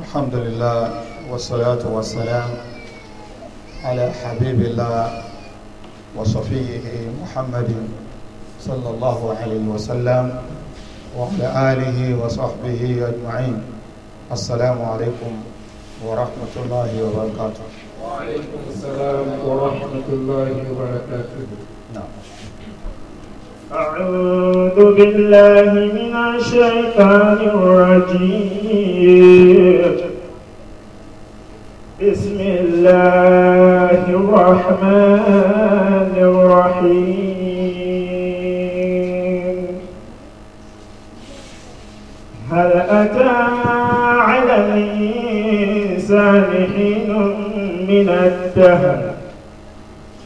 الحمد لله والصلاة والسلام على حبيب الله وصفيه محمد صلى الله عليه وسلم وعلى آله وصحبه أجمعين السلام عليكم ورحمة الله وبركاته وعليكم السلام ورحمة الله وبركاته أعوذ بالله من الشيطان الرجيم بسم الله الرحمن الرحيم هل أتى على الإنسان حين من الدهر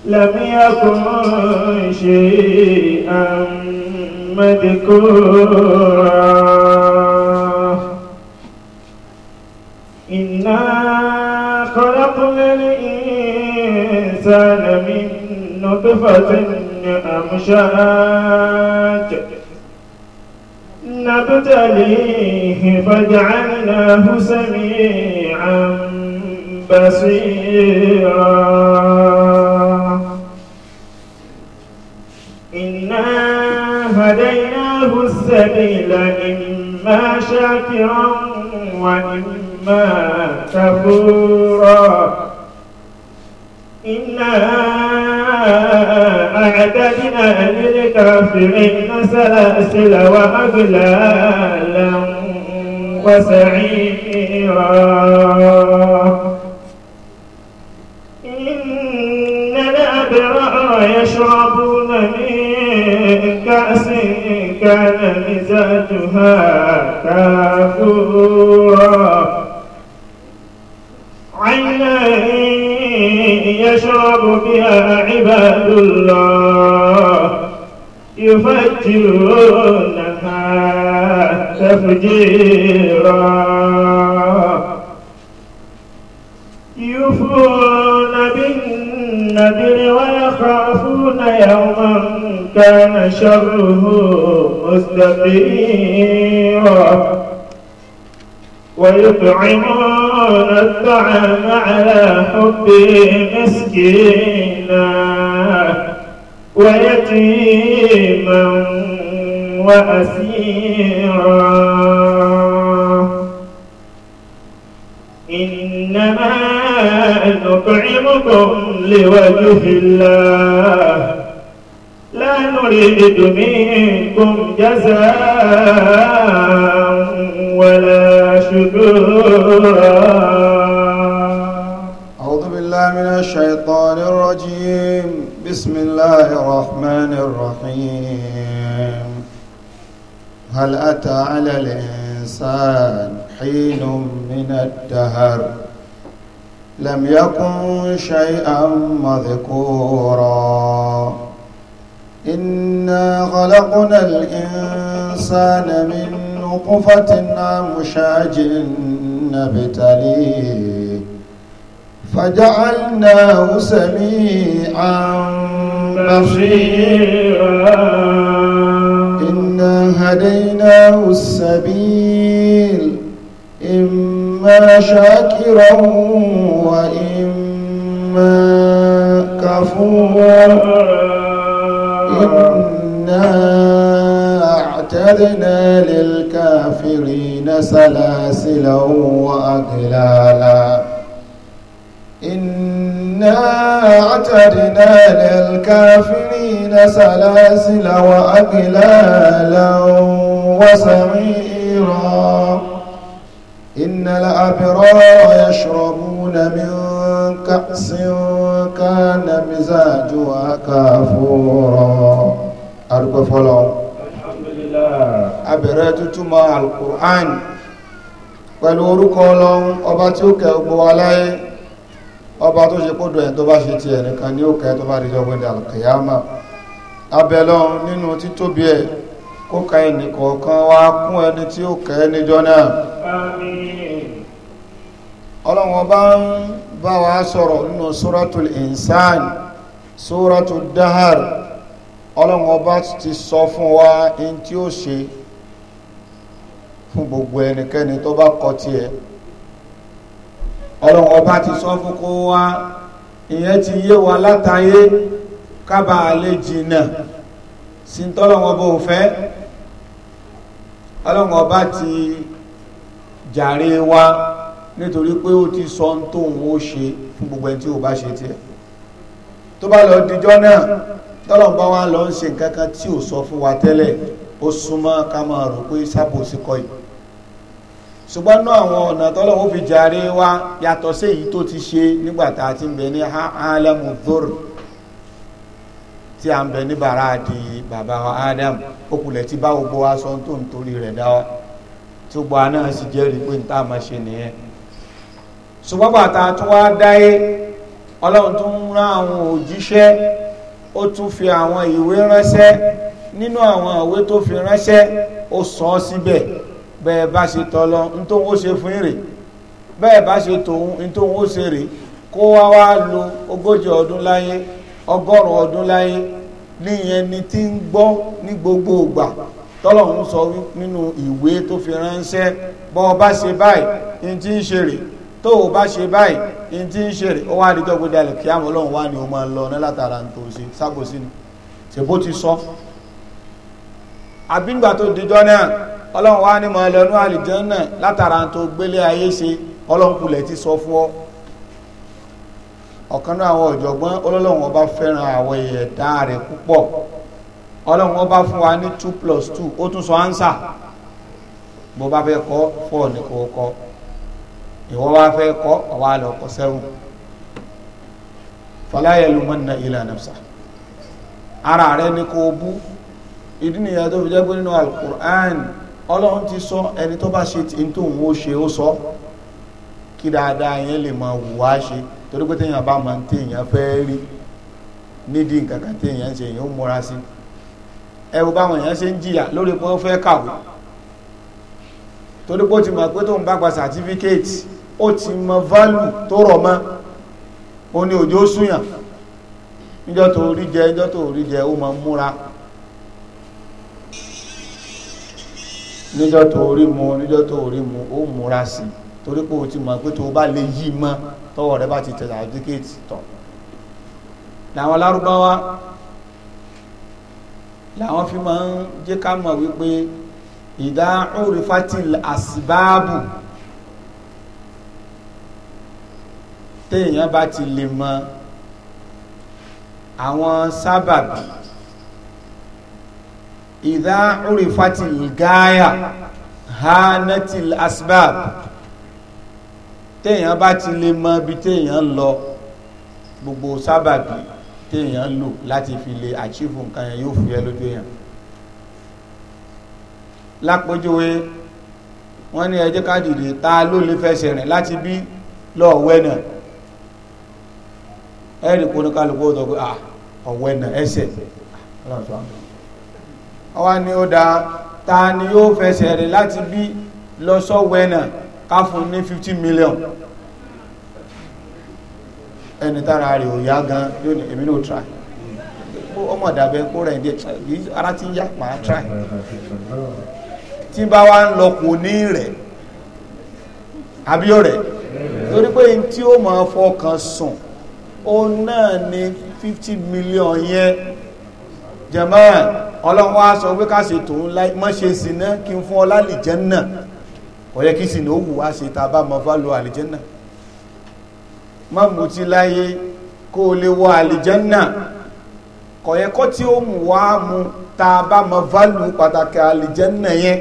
لم يكن شيئا مذكورا إنا خلقنا الإنسان من نطفة أمشاج نبتليه فجعلناه سميعا بصيرا هديناه السبيل إما شاكرا وإما كفورا إنا أعتدنا للكافرين سلاسل وأغلالا وسعيرا إن الأبرار يشربون من كأس كان مزاجها كافورا عينا يشرب بها عباد الله يفجرونها تفجيرا يوفون بالنذر ويخافون يوما كان شره مستقيما ويطعمون الطعام على حبه مسكينا ويتيما وأسيرا إنما نطعمكم لوجه الله لا نريد منكم جزاء ولا شكورا أعوذ بالله من الشيطان الرجيم بسم الله الرحمن الرحيم هل أتى على الإنسان حين من الدهر لم يكن شيئا مذكورا إنا خلقنا الإنسان من نطفة أمشاج نبتليه فجعلناه سميعا بصيرا إنا هديناه السبيل إما شاكرا وإما كفورا إنا أعتدنا للكافرين سلاسلا وأغلالا إنا أعتدنا للكافرين سلاسل وأغلالا وسعيرا إن الأبرار يشربون من كأس كان مزاجها كافورا أرجو فلو الحمد لله أبرد القرآن pẹ̀lú orúkọ ọlọ́run ọba tí ó kẹ gbogbo wa ọba tó ṣe kódò ẹ̀ tó bá ṣe tiẹ̀ nìkan ni ó tó bá rí ní nínú títóbi ẹ̀ kó kọ̀ọ̀kan wá kún ẹni tí ó kẹ́ níjọ́ náà bá wa sọ̀rọ̀ nínú suratul insan suratul dahar ọlọ́run ọba ti sọ fún wa in tí ó ṣe fún gbogbo ẹnikẹ́ni tó bá kọ tiẹ̀ ọlọ́run ọba ti sọ fún kó wa ìyẹn ti yé wa látayé kábà lè jìnnà sí tọ́lọ́wọ́n bó fẹ́ ti jàre wa nítorí pé ó ti sọ ń tóun ó ṣe fún gbogbo ẹni tí ò bá ṣe tiẹ̀ tó bá lọ dijọ́ náà tọ́lọ́n bá wá lọ ń ṣe nǹkan kan tí ò sọ fún wa tẹ́lẹ̀ ó súnmọ́ ká máa rò pé sábòsí kọ́ yìí ṣùgbọ́n náà àwọn ọ̀nà tọ́lọ́ ó fi jàre wa yàtọ̀ sí èyí tó ti ṣe nígbà tá a ti ń bẹ ní alamu dhur tí a ń bẹ ní bàrá di bàbá wa Adam òkùnlẹ̀ tí báwo bó aṣọ tó ń torí rẹ̀ dá wa tí gbogbo àná sì jẹ́rìí pé ní tá a máa ṣe nìyẹn ṣùgbọ́n bàtà tó wá dáyé ọlọ́run tó ń rán àwọn òjíṣẹ́ ó tún fi àwọn ìwé ránṣẹ́ nínú àwọn ìwé tó fi ránṣẹ́ ó sọ ọ́ síbẹ̀ bẹ́ẹ̀ bá ṣe tọ́lọ ní tó ń ó ṣe fún èrè bẹ́ẹ̀ bá ṣe tòun ní tó ń ṣe rè kó wá wá lo ogójì ọdún láyé ọgọ́rùn ọdún láyé níyẹn ni tí ń gbọ́ ní gbogbo ìgbà tọ́lọ́run sọ nínú ìwé tó fi ránṣẹ́ bọ́ ọ bá ṣe báyìí ní tí ń ṣe rè tó o bá ṣe báyìí n tí ń ṣe rè ó wá di tọ́gbó dalẹ̀ kí àwọn ọlọ́run wá ní o máa lọ ní látara ń tó ṣe sábòsí ni ṣe bó ti sọ àbígbà tó dijọ́ náà ọlọ́run wá ní máa lọ ní àlìjànnà látara ń tó gbélé ayé ṣe ọlọ́run kulẹ̀ ti sọ fún ọ ọ̀kan náà àwọn ọ̀jọ̀gbọ́n ọlọ́run ọba fẹ́ràn àwọn ẹ̀dá rẹ̀ púpọ̀ ọlọ́run ọba fún wa ní two plus two ó tún sọ ánsà bó bá fẹ́ kọ́ four ní kò kọ́ ìwọ wá fẹ́ kọ́ ọwọ́ àlọ́ kọ́ sẹ́wọ̀n fọláyẹ ló mọ́ nà ilẹ̀ ànàbsà ara rẹ ní kò bú ìdí nìyẹn tó fi jẹ́ pé nínú alukur'an ọlọ́run ti sọ ẹni tó bá ṣe tí tó ń wo ṣe ó sọ kí dáadáa yẹn lè máa wù wá ṣe torí pé téèyàn bá máa ń téèyàn fẹ́ rí nídìí nǹkan kan téèyàn ń ṣe èèyàn ó múra sí ẹ wo báwọn èèyàn ṣe ń jìyà lórí pé ó fẹ́ kàwé torí pé ó ti mọ̀ pé tóun bá gba sàtífíkẹ́ẹ̀tì ó ti mọ válù tó rọ̀ mọ́ ó ní òjò súyàn níjọ́ tó rí jẹ níjọ́ tó rí jẹ ó máa múra níjọ́ tó rí mu níjọ́ tó rí mu ó múra sí torí pé o ti mọ̀ pé tó o bá lè yí mọ́ tọwọ́ rẹ bá ti tẹ̀ sàdíkéètì tọ̀ làwọn lárúbáwá làwọn fi máa ń jẹ́ ká mọ̀ wípé ìdá òrìfátìl àsìbáàbù téèyàn bá ti lè mọ àwọn sábàbí ìdá orifati ha hanatil asbab téèyàn bá ti lè mọ ibi téèyàn lọ gbogbo sábàbí téèyàn lò láti fi lè àchífù nǹkan yẹn yóò fi ẹ lójú yẹn lápójúwe wọ́n ní ẹ ká dìde ta ló lè fẹsẹ̀ rìn láti bí lọ́ọ̀wẹ́ náà ẹ̀rì kó ní ah ọ̀wẹ́ náà ẹsẹ̀ ni o da ta ni yóò fẹsẹ̀ rẹ̀ láti bi lọ sọ́wẹ́ náà ká fún ní fifty million ẹni tára rẹ̀ ò yá gan yóò ní try ọmọ ìdàbẹ kó rẹ̀ díẹ̀ ara ti try torí pé tí ma máa kan sùn òun náà ni 50 million yẹn jẹ̀mọ́ ọlọ́run wá sọ pé ká ṣe tòun láì mọ́ ṣe sí náà kí n fún ọ lálìjẹ́ náà kò yẹ kí sì ní ó wù wá ṣe tá a bá mọ fá lo àlìjẹ́ náà má mutí láyé kó o lè wọ àlìjẹ́ náà kò yẹ kó tí ó mú wá mu tá bá mọ fá lu pàtàkì àlìjẹ́ náà yẹn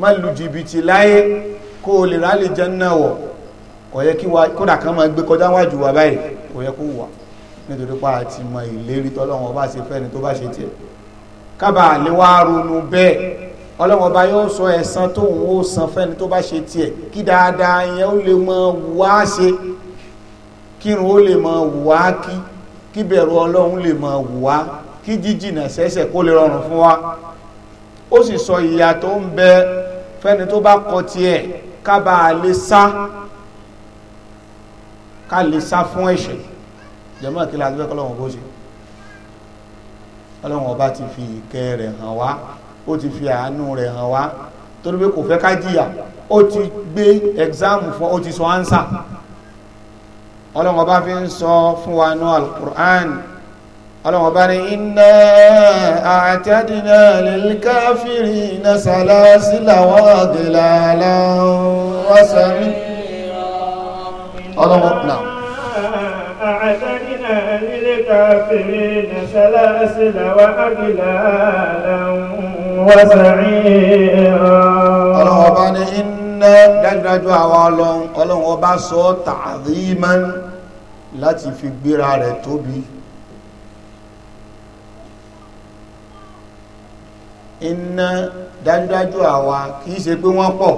má lu jìbìtì láyé kó o lè rálìjẹ́ náà wọ̀ kò kí wa kódà kan máa gbé kọjá wájú wa báyìí kò yẹ kó wà nítorí pa àti mọ ìlérí tọ́lọ́wọ́n bá ṣe fẹ́ni tó bá ṣe tiẹ̀ kábà lè wá ronú bẹ́ẹ̀ ọlọ́wọ́n bá yóò sọ ẹ̀san tóun ó san fẹ́ni tó bá ṣe tiẹ̀ kí dáadáa yẹn ó lè mọ wá ṣe kírun ó lè mọ wá kí kíbẹ̀rù ọlọ́run lè mọ wá kí jíjìnà sẹ́sẹ̀ kó lè rọrùn fún wa ó sì sọ ìyà tó ń bẹ fẹ́ni tó bá kọ tiẹ̀ kábà lè sá ká lè sá fún ẹ̀ṣẹ̀ jẹ́mọ́ kí láti fẹ́kọ́ lọ́wọ́ bó ṣe ọlọ́wọ́n ọba ti fi ìkẹ́ rẹ̀ hàn wá ó ti fi àánú rẹ̀ hàn wá torí pé kò fẹ́ ká jìyà ó ti gbé exam fún ó ti sọ ánsà ọlọ́wọ́n ọba fi ń sọ fún wa ní alukur'an ọlọ́wọ́n ọba ní inna a'tadna lil kafirina salasila wa gilala wa sami ọlọ́wọ́ náà. àdánilá nílé káfíìrì nàṣàlá sílá wa ágìlá wọ́n sàrìnrà. ọlọ́wọ́ bá ní iná dájúdájú àwa ọlọ́run ọlọ́wọ́ bá sọ ta'dhiman láti fi gbéra rẹ̀ tóbi. iná dájúdájú àwa kì í ṣe pé wọ́n pọ̀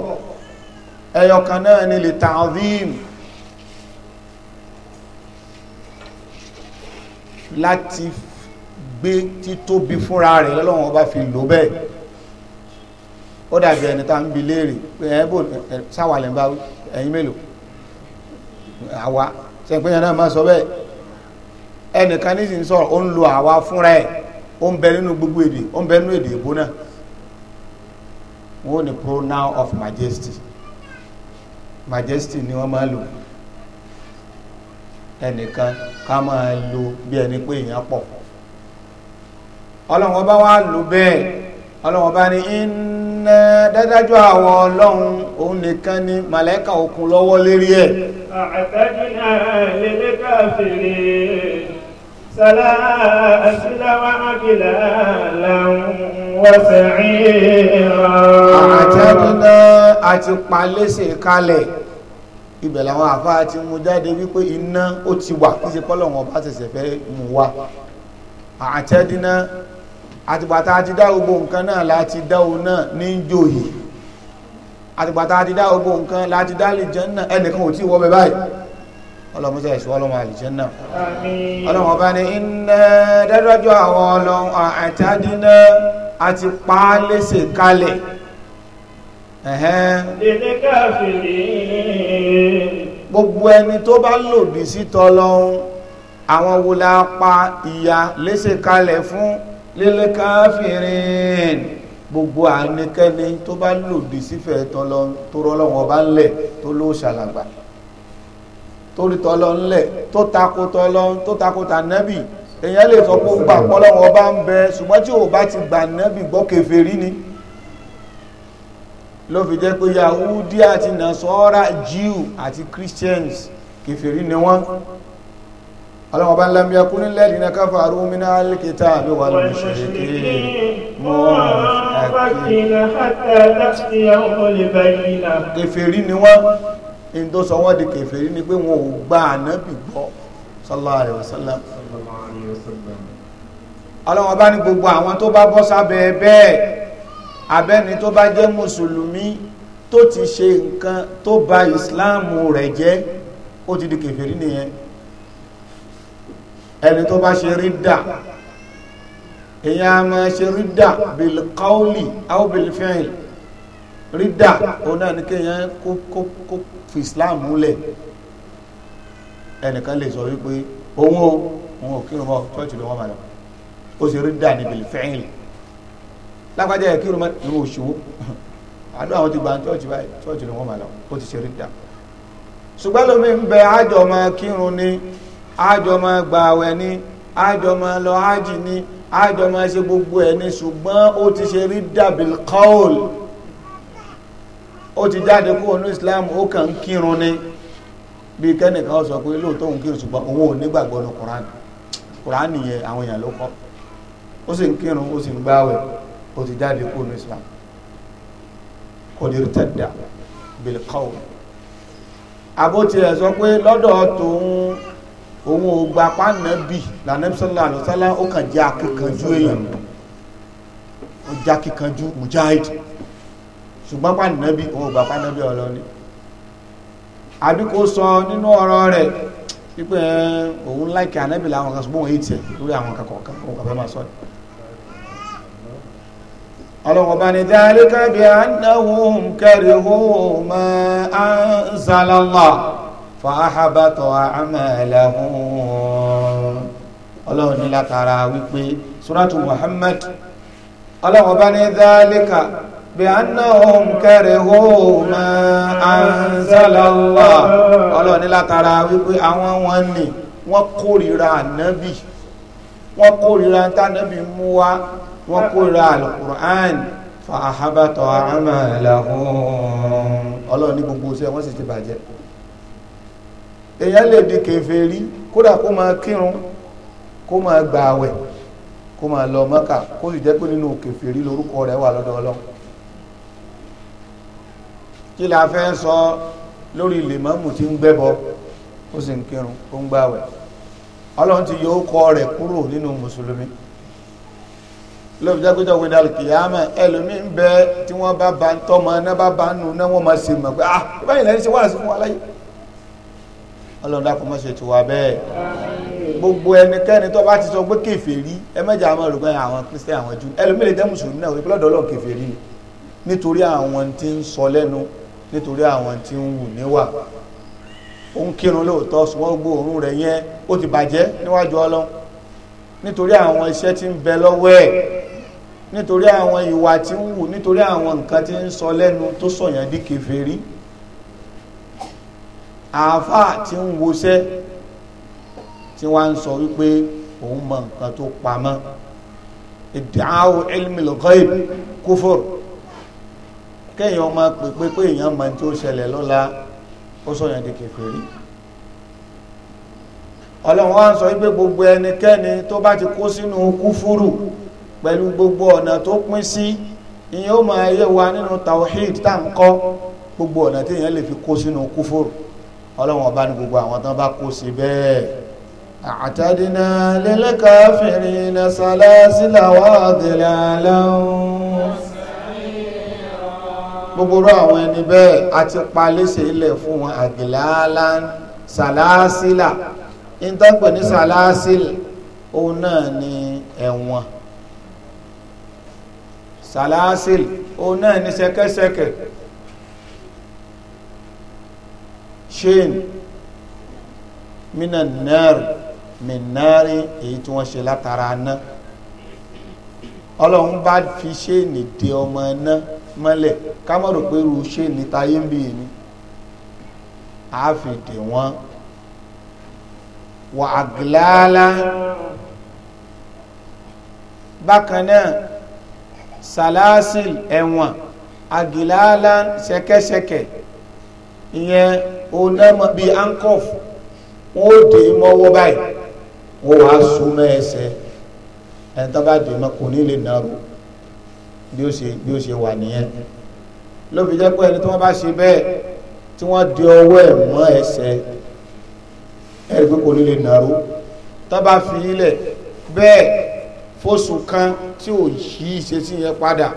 ẹyọkan náà ni lè ta'dhim. láti gbé títóbi fúnra rẹ̀ lọ́wọ́n ọba fi lò bẹ́ẹ̀ ó dàbí ẹni tá ń bi léèrè pé ẹ bò sáwà lẹ́ ń bá ẹ̀yin mélòó àwa ṣe pé yẹn náà máa sọ bẹ́ẹ̀ ẹnìkan ní sì ń sọ̀rọ̀ ó ń lo àwa fúnra ẹ̀ ó ń bẹ nínú gbogbo èdè ó ń bẹ nínú èdè ìbò náà wọ́n ní pronoun of majesty majesty ni wọ́n máa lò ẹnìkan ká máa lo bí ẹni pé èèyàn pọ̀ ọlọ́run ọba wa lò bẹ́ẹ̀ ọlọ́run ọba ní iná dádájọ́ àwọn ọlọ́run òun nìkan ni màlẹ́kà òkun lọ́wọ́ lérí ẹ̀. àtẹ́jú náà lè lè káfíìrì sálá àṣìláwá àbílà làwọn wọ́sẹ̀ rí i rán. àtẹ́jú náà a ti pa lẹ́sẹ̀ kalẹ̀ ibẹ̀ làwọn àfáà ti mú jáde wípé iná ó ti wà kí ṣe pọ́lọ̀ wọn bá ṣẹ̀ṣẹ̀ fẹ́ mú wa àtẹ́dínà àtìgbàtà àti dá gbogbo nǹkan náà láti dá o náà ní jòyè àtìgbàtà àti dá gbogbo nǹkan láti dá àlìjẹ́nnà ẹnìkan ò tí wọ́ bẹ báyìí ọlọ́mọsẹ̀ ẹ̀ṣọ́ ọlọ́mọ àlìjẹ́nnà ọlọ́mọ bá ní iná dájọ́jọ́ àwọn ọlọ́run àtẹ́dínà àti pa kalẹ̀ gbogbo ẹni tó bá lòdì sí tọlọ́hun àwọn wo la pa ìyà léṣe kalẹ̀ fún lílẹ́káfìrín gbogbo àníkẹ́ni tó bá lòdì sífẹ̀ẹ́ tọlọ́hun tó rọ́lọ́wọ́ bá lẹ̀ tó ló ṣàlàgbà torí tọlọ́hun lẹ̀ tó tako tọlọ́hun tó tako tànẹ́bì èèyàn lè sọ pé ó gbà pọ́lọ́wọ́ bá ń bẹ ṣùgbọ́n tí ò bá ti gbà nẹ́bì gbọ́ kèfèrí ni ló fi jẹ́ pé yahudi àti nasọ́ra jew àti christians kèfèrí ni wọ́n ọlọ́wọ́ bá ń lam yakun alladhina kafaru min al-kitabi wal mushrikeen kèfèrí ni wọ́n in tó sọ wọ́n di kèfèrí ni pé wọn ò gba ànábì gbọ́ sallallahu alaihi wasallam ọlọ́wọ́ bá ní gbogbo àwọn tó abẹ́ni tó bá jẹ́ mùsùlùmí tó ti ṣe nǹkan tó ba ìsìláàmù rẹ̀ jẹ́ ó ti di kèfèrí nìyẹn ẹni tó bá ṣe rídà èyàn a máa ṣe rídà bilkauli aw bilfi'l rídà òun náà ní kéèyàn kó fi islam múlẹ̀ ẹnìkan lè sọ wípé òun o òun ò kírun mọ́ chọ́ọ̀chì ló wọ́n máa lọ ó ṣe rídà ní bilfi'l lágbájá yẹ kí ló máa lo òṣòwò àdó àwọn ti gba chọ́ọ̀chì báyìí chọ́ọ̀chì ló wọ́n máa lọ ó ti ṣe rí dà ṣùgbọ́n lómi ń bẹ àjọ máa kírun ni àjọ máa gbààwẹ̀ ni àjọ máa lọ ájì ni àjọ máa ṣe gbogbo ẹ̀ ni ṣùgbọ́n ó ti ṣe rí dà bil qawl ó ti jáde kúrò ní Islam ó kàn ń kírun ni bí kẹ́nìkan sọ pé lóòótọ́ òun kírun ṣùgbọ́n òun ò nígbàgbọ́ ní Kùránì Kùránì yẹn àwọn èèyàn ló kọ́ ó sì ń kírun ó sì ń gbààwẹ̀ ó ti jáde kúrò ní islam kò ní tẹ̀dá bilkaw àbótí ẹ̀ sọ pé lọ́dọ̀ tòun òun ò gba pánàbì lànàbísọ́lá àlùsálá ó kàn jẹ́ akíkanjú èèyàn ó jẹ́ akíkanjú mujahid ṣùgbọ́n pánàbì òun ò gba pánàbì ọlọ́ni àbí kò sọ nínú ọ̀rọ̀ rẹ̀ wípé òun láìkẹ́ ànábì làwọn kan ṣùgbọ́n èyí tiẹ̀ lórí àwọn kan kọ̀ọ̀kan òun kàfẹ́ máa sọ ẹ̀ ọlọ́wọ́ bá ní dhalika bí annahum karihu ma anzala Allah fa ahabata a'malahum ọlọ́wọ́ ní látara wípé suratu Muhammad ọlọ́wọ́ bá ní dhalika bí annahum karihu ma anzala Allah ọlọ́wọ́ ní látara wípé àwọn wọn ni wọ́n kórìíra ànábì wọ́n kórìíra tánábì mú wá wọ́n kóra alukur'an fa ahabatọ̀ amalahum ọlọ́run ní gbogbo iṣẹ́ wọ́n sì ti bàjẹ́ èyàn lè di kèfèrí kódà kó máa kírun kó máa gbààwẹ̀ kó máa lọ Mẹ́kà kó sì jẹ́ pé nínú kèfèrí lórúkọ rẹ̀ wà lọ́dọ̀ kí la fẹ́ sọ lórí lèmọ́mù tí ń gbẹ́bọ ó sì ń kírun ó ń gbààwẹ̀ ọlọ́run ti yọ ó kọ rẹ̀ kúrò nínú mùsùlùmí lọ́bi jágbéjọ́ wíńdà kìyàmẹ́ ẹlòmí ń bẹ tí wọ́n bá ba tọ́mọ náà bá ba nù náà wọ́n máa ṣe mọ̀ pé ah báyìí lẹ́yìn ṣe wá sí fún wa láyé ọlọ́run dákun mọ́ ṣe tù wá bẹ́ẹ̀ gbogbo ẹnikẹ́ni tó bá ti sọ pé kèfèrí ẹ mẹ́jà àwọn olùgbọ́ àwọn kristian àwọn jù ẹlòmí lè jẹ́ mùsùlùmí náà wípé lọ́dọ̀ ọlọ́run kèfèrí ni nítorí àwọn tí ń sọ lẹ́nu nítorí àwọn tí ń wù níwà ó ń kírun lóòótọ́ ṣùgbọ́n gbogbo òórùn rẹ̀ yẹn ó ti bàjẹ́ níwájú ń bẹ lọ́wọ́ ẹ̀ nítorí àwọn ìwà tí ń wù nítorí àwọn nǹkan tí ń sọ lẹ́nu tó sọ̀yàn di kèfèrí àáfà tí ń woṣẹ́ tí wọ́n ń sọ wípé òun mọ nǹkan tó pamọ́ ìdáhùn ilmil ghaib kufur kéèyàn máa pèpè pé èèyàn mọ tí ó ṣẹlẹ̀ lọ́la ó sọ̀yàn di kèfèrí ọlọ́run wá ń sọ wípé gbogbo ẹnikẹ́ni tó bá ti kó sínú kúfúrù pẹ̀lú gbogbo ọ̀nà tó pín sí ìyẹn ó máa yé wa nínú tawhid tá ń kọ́ gbogbo ọ̀nà tí èèyàn lè fi kó sínú kúfòrò ọlọ́run ọba ní gbogbo àwọn tán bá kó sí bẹ́ẹ̀ àtàdínà lil-kāfirīna salāsila wa ḍilālan gbogbo rọ àwọn ẹni bẹ́ẹ̀ a ti pa léṣe ilẹ̀ fún wọn ḍilālan salāsila ìtàpẹ̀ ní salāsil òun náà ni ẹ̀wọ̀n salasil òun náà ní sẹ́kẹ́sẹ́kẹ́ shin mina nar minari èyí tí wọ́n ṣe látara náà ọlọ́run bá fi ṣéènì de ọmọ náà mọ́lẹ̀ ká pé irú ṣéènì táyé ń bì a fi dè wọ́n wà á gíláàlá bákan náà salasil ẹ̀wọ̀n agilalan ṣẹ̀kẹ̀ṣẹ̀kẹ̀ ìyẹn onama bíi ankof wọn ò dé mọ́wọ́ báyìí wọn wàá súnmọ́ ẹsẹ̀ ẹni tó bá dé mọ́ kò ní lè nàró bí ó ṣe bí ó ṣe wà nìyẹn ló fi pé ẹni tí wọ́n bá ṣe bẹ́ẹ̀ tí wọ́n di ọwọ́ ẹ̀ mọ́ ẹsẹ̀ ẹ̀rí pé kò ní lè nàró tó bá fi ilẹ̀ bẹ́ẹ̀ fóṣù kan tí ò yí ìṣesí yẹn padà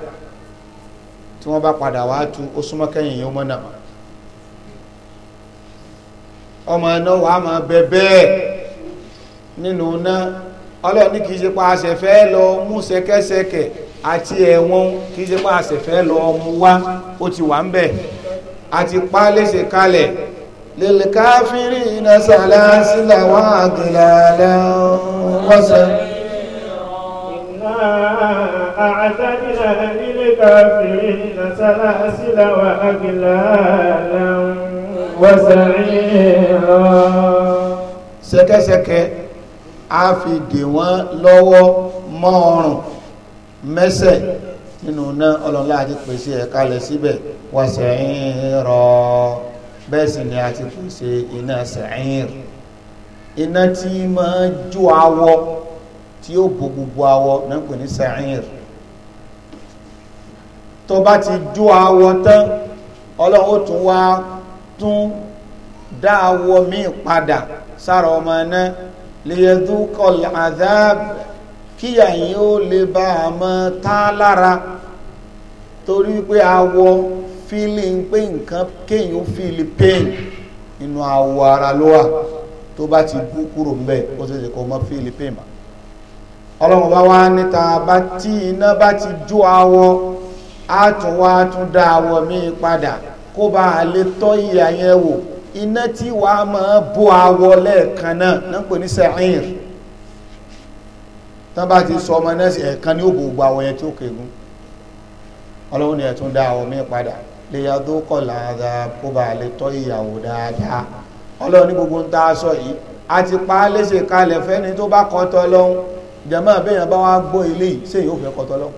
tí wọ́n bá padà wá tu ó súnmọ́ kẹ́yìn yẹn ó mọ́ nàmọ́ ọmọ iná wà á máa bẹ bẹ́ẹ̀ nínú iná ọlọ́run ní kìí ṣe pa àṣẹ fẹ́ lọ mú ṣẹ̀kẹ̀ṣẹ̀kẹ̀ àti ẹ̀wọ̀n kìí ṣe pa àṣẹ fẹ́ lọ mú wá ó ti wà ń bẹ̀ àti pa léṣe kalẹ̀ lèlè iná sàlá sílẹ̀ wá àgìlà lẹ́wọ̀n wọ́sẹ̀. أعتدنا للكافرين سلاسل وأغلالا وسعيرا ṣẹ̀kẹ̀ṣẹ̀kẹ̀ a fi dè wọ́n lọ́wọ́ mọ́ ọrùn mẹ́sẹ̀ nínú náà ọlọ́lá àti pèsè ẹ̀ka lẹ̀ síbẹ̀ wà sẹ̀yìn rọ̀ sì ni a pèsè iná sẹ̀yìn iná tí máa jó awọ tí ó bo gbogbo awọ náà pè ní sa'ir tó bá ti jó awọ tán ọlọ́run ó tún wá tún dá awọ míì padà sára ọmọ náà liyadhuqa al-adhab kíyà yìí ó lè bá a mọ tá lára torí pé awọ fílì ń pé nǹkan kéèyàn fílì pain nínú awọ ara ló wà tó bá ti bú kúrò ń bẹ ó sì ṣe kó mọ fílì pain mọ́ ọlọ́run bá wá níta bá tí iná bá ti jó awọ àtúnwá tún dá awọ míì padà kó bá a lè tọ́ ìyá yẹn wò iná tí wàá máa bó awọ lẹ́ẹ̀kan náà náà pè ní sẹ́hìn tán bá ti sọ ọmọ náà sí ẹ̀ẹ̀kan ní òbò gbogbo awọ yẹn tí ó kéegun ọlọ́run ni ẹ̀ tún dá awọ míì padà lè ya tó kọ̀ láàdá kó bá a lè tọ́ ìyàwó dáadáa ọlọ́run ní gbogbo ń tá a sọ yìí a ti pa á léṣe kalẹ̀ fẹ́ni tó bá kọ́ tọ́ lọ́hùn jama abẹ́yàn bá wá gbọ́ ilé ṣé yóò fẹ́ kọtọ́ lọ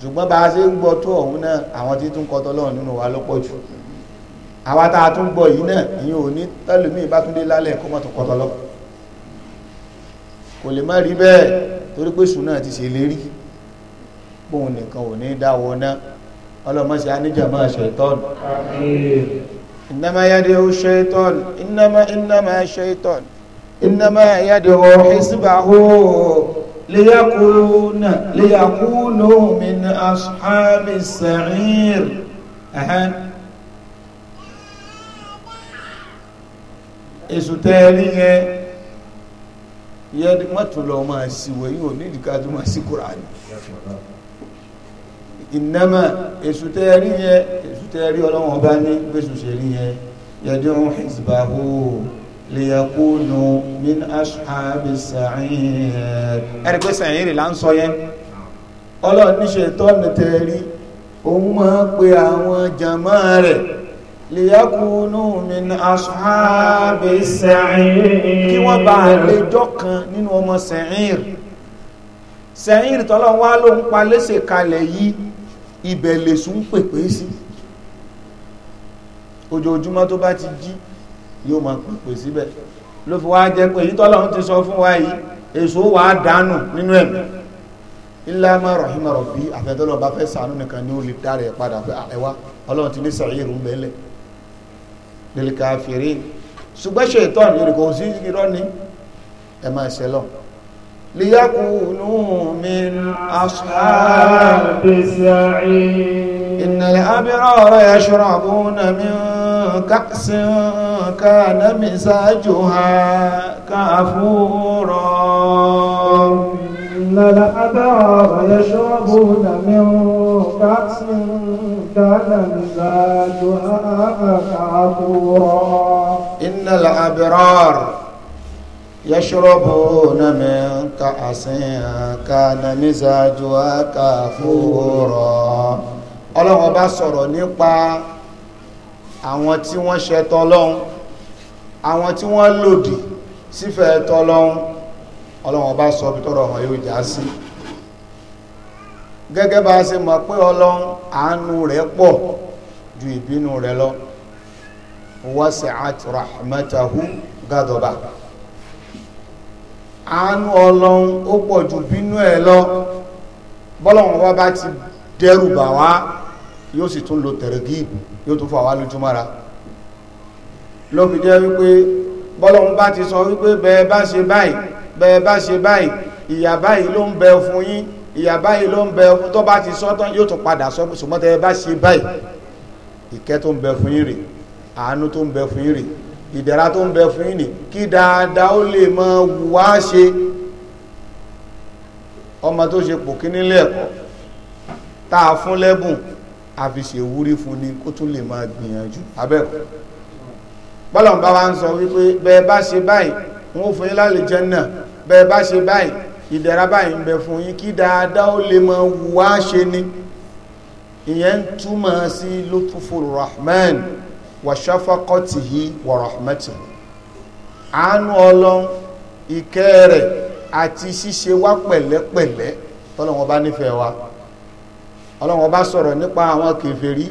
ṣùgbọ́n bá a ṣe ń gbọ́ tó ọ̀hún náà àwọn tí tún kọtọ́ lọ nínú wa ló pọ̀ jù àwa tá a tún gbọ́ yìí náà ìyẹn ò ní tẹ́lẹ̀mí bá tún dé lálẹ́ kó mọ̀ tó kọtọ́ kò lè má rí bẹ́ẹ̀ torí pé sùn náà ti ṣe lérí bóun nìkan ò ní dáwọ́ náà ọlọ́mọṣẹ́ aníjàmọ́ ṣètọ́nù ìnáma yá dé ó ṣètọ́nù ìnáma ìnáma ṣètọ́nù إنما يدعو حزبه ليكون ليكونوا من أصحاب السعير أهن èsù tẹ́ẹ̀rí yẹn yẹn wọ́n tún lọ máa sí wẹ̀yìn ò ní ìdíkà tó máa sí Kùránì ìnámà èsù tẹ́ẹ̀rí yẹn èsù tẹ́ẹ̀rí ọlọ́wọ́n bá ní gbèsù ṣe rí yẹn yẹn dí ohun hizbahu liyakunu min ashabi sa'ir ẹ̀rí pé sa'ir là ń sọ yẹn ọlọ́run ní ṣètọ́nù tẹ̀rí òun máa pe àwọn jàmá rẹ̀ liyakunu min ashabi sa'ir kí wọ́n bá àlejò kan nínú ọmọ sa'ir sa'ir tọ́lọ́ wá ló ń pa léṣe kalẹ̀ yìí ibẹ̀ lèṣù ń pèpè sí ojoojúmọ́ tó bá ti jí yóò máa pèpè síbẹ̀ ló fi wá jẹ́ pé èyí tọ́lọ́run ti sọ fún wa yìí èso wà á dànù nínú ẹ̀mí ilá máa rahima rabbi àfẹ́tọ́lọ́ bá fẹ́ sànú nìkan ni ó lè dára padà pé ẹ̀wá ọlọ́run ti ní sàyẹ̀rù ń bẹ́lẹ̀ lil kafirin ṣùgbọ́n ṣe ìtọ́ ní ìrìkò sí irọ́ ní ẹ máa ṣe lọ liyakunu min ashabis sa'ir innal abrara yashrabuna min كأس كان مزاجها كافورا إن الأبرار يشربون من كأس كان مزاجها كافورا إن الأبرار يشربون من كأس كان مزاجها كافورا ọlọ́run ọba sọ̀rọ̀ nípa àwọn tí wọ́n ṣe tọ́lọ́hún àwọn tí wọ́n lòdì sífẹ̀ẹ́ tọ́lọ́hún ọlọ́run ọba sọ bí tọ́rọ ọmọ yóò já sí gẹ́gẹ́ bá a ṣe mọ̀ pé ọlọ́run àánú rẹ̀ pọ̀ ju ìbínú rẹ̀ lọ wasi'at rahmatahu gádọba àánú ọlọ́run ó pọ̀ ju bínú ẹ̀ lọ bọ́lọ́run bá ti dẹ́rù bà wá yóò sì tún lo tẹ̀rẹ̀gíìb yóò tún fà wá lójú mára ló fi jẹ́ wípé bọ́lọ́run bá ti sọ wípé bẹ́ẹ̀ bá ṣe báyìí bẹ́ẹ̀ bá ṣe báyìí ìyà báyìí ló ń bẹ fún yín ìyà báyìí ló ń bẹ fún tó bá ti sọ tán yóò tún padà sọ ṣùgbọ́n tẹ́ bá ṣe báyìí ìkẹ́ tó ń bẹ fún yín rè àánú tó ń bẹ fún yín rè ìdẹ̀ra tó ń bẹ fún yín nì kí dáadáa ó lè mọ wá ṣe ọmọ tó ṣe pò kí nílé ẹ̀kọ́ tá a fún lẹ́bùn a fi ṣe wúrí fún ni kó tún lè máa gbìyànjú abẹ́kọ̀ bọ́lọ̀n bá wa ń sọ wípé bẹ́ẹ̀ bá ṣe báyìí wọ́n fún yín lálẹ́ jẹ́nà bẹ́ẹ̀ bá ṣe báyìí ìdẹ̀ra báyìí ń bẹ fún yín kí dáadáa ó lè máa wù wá ṣe ni ìyẹn ń túmọ̀ sí lutfu rahman wa shafaqatihi wa rahmatihi àánú ọlọ́run ìkẹ́ rẹ̀ àti ṣíṣe wá pẹ̀lẹ́pẹ̀lẹ́ tọ́lọ́wọ́n bá nífẹ̀ẹ́ wa ọlọ́run ọba sọ̀rọ̀ nípa àwọn kèfèrí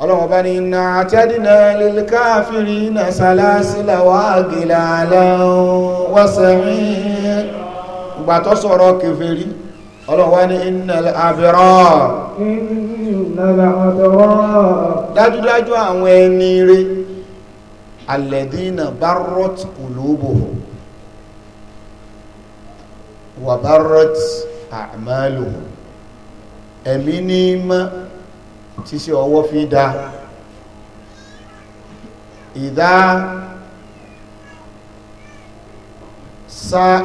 ọlọ́run ọba ní iná àtẹ́dínà lílì káàfìrí iná sàlásílà wà gìlà lẹ́wọ́sẹ̀rin ìgbà tó sọ̀rọ̀ kèfèrí ọlọ́run wá ní iná àbẹ̀rọ̀ dájúdájú barrot kùlóbò wà barrot àmàlùmù ẹ̀mí ní mọ́ tí sí ọwọ́ fi dá ìdá sáà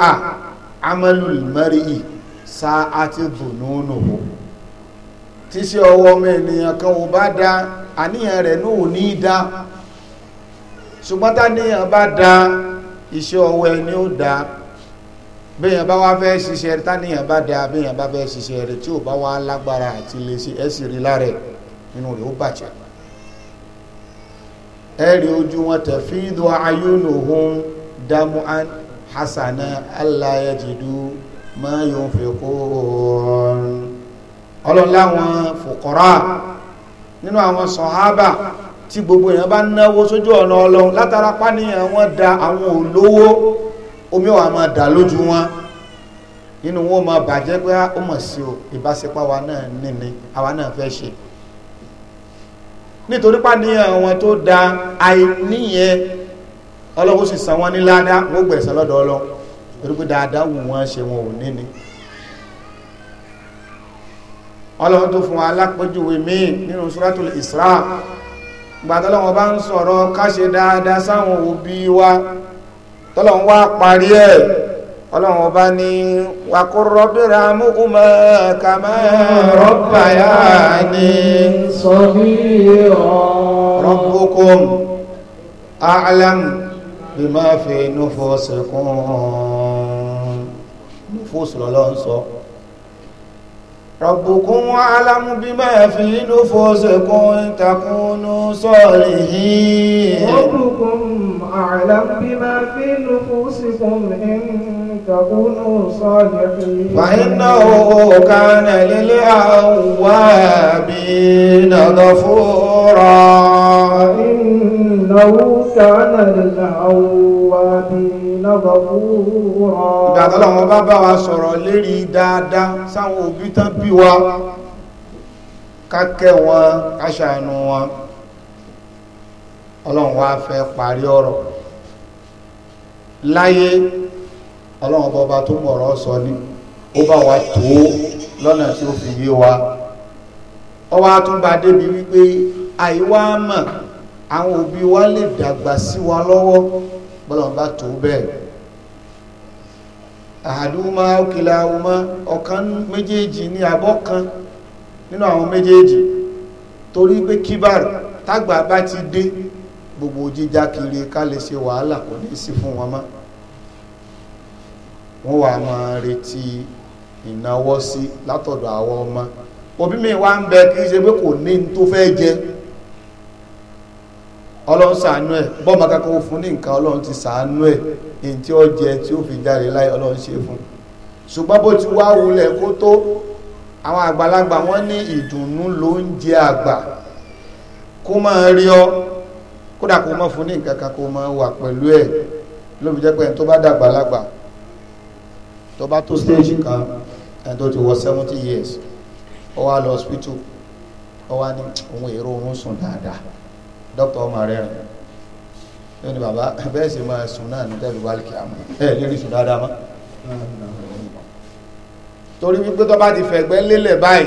amalul mar'i sáà ti dùnúnù tí sí ọwọ́ mẹ́nìyàn kan ò bá dá àníyàn rẹ̀ ní òní dá ṣùgbọ́n tá níyàn bá dá iṣẹ́ ọwọ́ ẹni ó dá bẹ́ẹ̀ bá wá fẹ́ ṣiṣẹ́ táníyàn bá dáa bẹ́ẹ̀ bá fẹ́ ṣiṣẹ́ rẹ̀ tí ò bá wá lágbára àti lè ṣe ẹ̀ sì rí lára ẹ̀ nínú rẹ̀ ó bàjẹ́ ẹ̀ rí ojú wọn tẹ̀ fídù ayúnuhun dámú hasana aláyẹjìdú máa yóò fi kó ọlọ́láwọn fòkọ́rá nínú àwọn sọ̀hábà tí gbogbo èèyàn bá náwó sójú ọ̀nà ọlọ́run látara pánìyàn wọn da àwọn olówó omi wa máa dà lójú wọn nínú wọn máa bàjẹ́ pé ah, ó mọ̀ sí o ìbáṣepọ̀ wa náà nìní àwa náà fẹ́ ṣe nítorí pàdéyàn àwọn tó da àìníyẹn ọlọ́wọ́ sì san wọ́n ní ládá wọ́n gbẹ̀sán lọ́dọ̀ ọlọ́ torí pé dáadáa wù wọ́n ṣe wọn ò ní ni ọlọ́wọ́ tó fún wa alápẹ́jùwe míì nínú suratul Isra gbàtọ́lọ́wọ́ bá ń sọ̀rọ̀ ká ṣe dáadáa sáwọn òbí wa tọ́lọ̀ ń wá parí ẹ̀ ọlọ́run ọba ní wàkúrò rọ́bìnrin amúkúmọ̀ kàmá rọ́bà yá ni rọ́bùkún alam bima fi nufusikum nufusi lọ́lọ́ ń sọ. So. ربكم أعلم بما في نفوسكم إن تكونوا صالحين ربكم أعلم بما في نفوسكم إن تكونوا صالحين فإنه كان للأوابين غفورا إنه kana lil-awwabina ghafura. ìgbà tọ́lọ́wọ́n bá bá wa sọ̀rọ̀ lérí dáadáa sáwọn òbí tán bí wa ká wọn ká wọn ọlọ́run wá fẹ́ parí ọ̀rọ̀ láyé ọlọ́run bọba tó mọ̀rọ̀ sọ ni ó bá wa tó lọ́nà tí ó fi yé wa ọwọ́ àtúnba débi wípé àìwá mọ̀ àwọn òbí wa lè dàgbà sí wa lọ́wọ́ bọ́lọ̀mbá tó bẹ́ẹ̀ àdúmá òkèlà ọmọ ọ̀kan méjèèjì ní abọ́ kan nínú àwọn méjèèjì torí pé kíbar tágbà bá ti dé gbogbo jíjá kiri ká lè ṣe wàhálà kò ní fún wọn mọ́ wà máa retí ìnáwó sí látọ̀dọ̀ àwọn ọmọ òbí mi wá ń bẹ kí ṣe pé ọlọ́run sàánú ẹ̀ bọ́ọ̀mù akẹ́kọ̀ọ́ fún ní nǹkan ọlọ́run ti sàánú ẹ̀ èyí tí ó jẹ tí ó fi jáde láyé ọlọ́run ṣe fún ṣùgbọ́n bó ti wá wulẹ̀ kó tó àwọn àgbàlagbà wọ́n ní ìdùnnú ló ń jẹ àgbà kó máa rí ọ kódà kó máa fún ní nǹkan kan kó máa wà pẹ̀lú ẹ̀ lóbi jẹ́ pé ẹni tó bá dàgbàlagbà tó bá tó stage kan ẹni tó ti wọ seventy years ó wá lọ hospital ó wá ní òun èrò òun sùn dáadáa dókítà ọmọ rẹ̀ rìn yóò ní bàbá bẹ́ẹ̀ sì máa sùn náà ní tẹ́lẹ̀ wálé kìámù ẹ̀ lérí sùn dáadáa mọ́ torí wípé tó bá ti fẹ̀gbẹ́ lélẹ̀ báyìí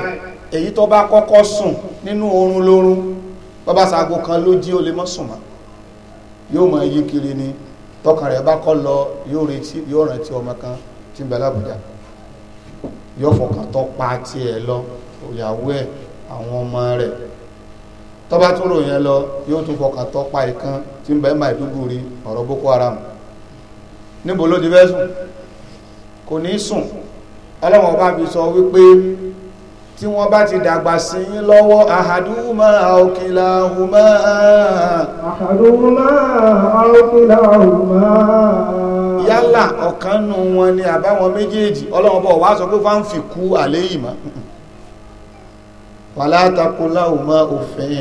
èyí tó bá kọ́kọ́ sùn nínú oorun lórun bàbá sago kan ló jí ó lè mọ́ sùn mọ́ yóò máa yí kiri ni tọkàn rẹ̀ bá kọ́ lọ yóò retí yóò rántí ọmọ kan tí ń bẹ lábùjá yóò fọkàn tó pa tiẹ̀ lọ òyàwó ẹ̀ àwọn ọmọ rẹ̀ tọ́ba tó ròyìn ẹ lọ yóò tún fọkàn tọ́pa ìkan tí ń bẹ́ẹ̀ máa Maiduguri ọ̀rọ̀ Boko Haram níbo ló ti fẹ́ sùn kò ní sùn ọlọ́wọ́n bá fi sọ wípé tí wọ́n bá ti dàgbà sí yín lọ́wọ́ àhàdúmá àòkìláhùmá àhàdúmá àòkìláhùmá yálà ọ̀kan nù wọn ni àbáwọn méjèèjì ọlọ́wọ́n bọ̀ wá sọ pé fáǹfì kú àléyìí mọ́ fàlátàkólá òmá òfin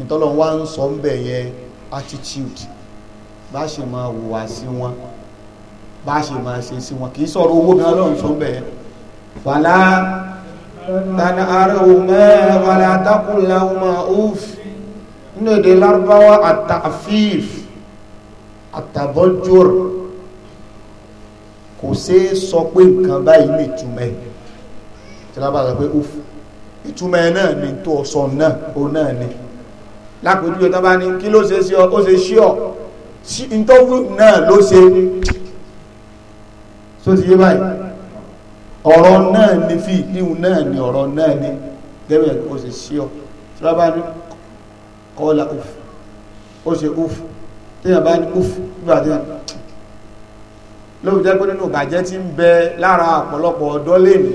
ìtọ́lọ̀ wá ń sọ ń bẹ̀ yẹn attitude bá ṣe máa wùwà sí wọn bá ṣe máa ṣe sí wọn kì í sọ̀rọ̀ owó náà lọ́rùn sọ ń bẹ̀ yẹn fàlá tani ara òmá fàlátàkólá òmá òfin nínú èdè lárúbáwá àtàfíìf àtàbọ́jọ́rọ̀ kò ṣeé sọ pé nǹkan báyìí lè túmẹ̀ tí lábàá sọ pé òfin ìtumọ̀ ẹ náà ni tó sọ náà ó náà ni lápòjú ẹ̀ tó bá ní kí ló ṣe sí ọ ó ṣe sí ọ ìtọ́wù náà ló ṣe tó ti yé báyìí ọ̀rọ̀ náà ni fi ìdíhùn náà ni ọ̀rọ̀ náà ni gẹ́gẹ́ ó ṣe sí ọ tí wọ́n bá ní kọ́lá òfù ó ṣe òfù téèyàn bá ní òfù nígbà téèyàn lóòótọ́ pé nínú ìbàjẹ́ ti ń bẹ lára ọ̀pọ̀lọpọ̀ ọ̀dọ́ lẹ́nu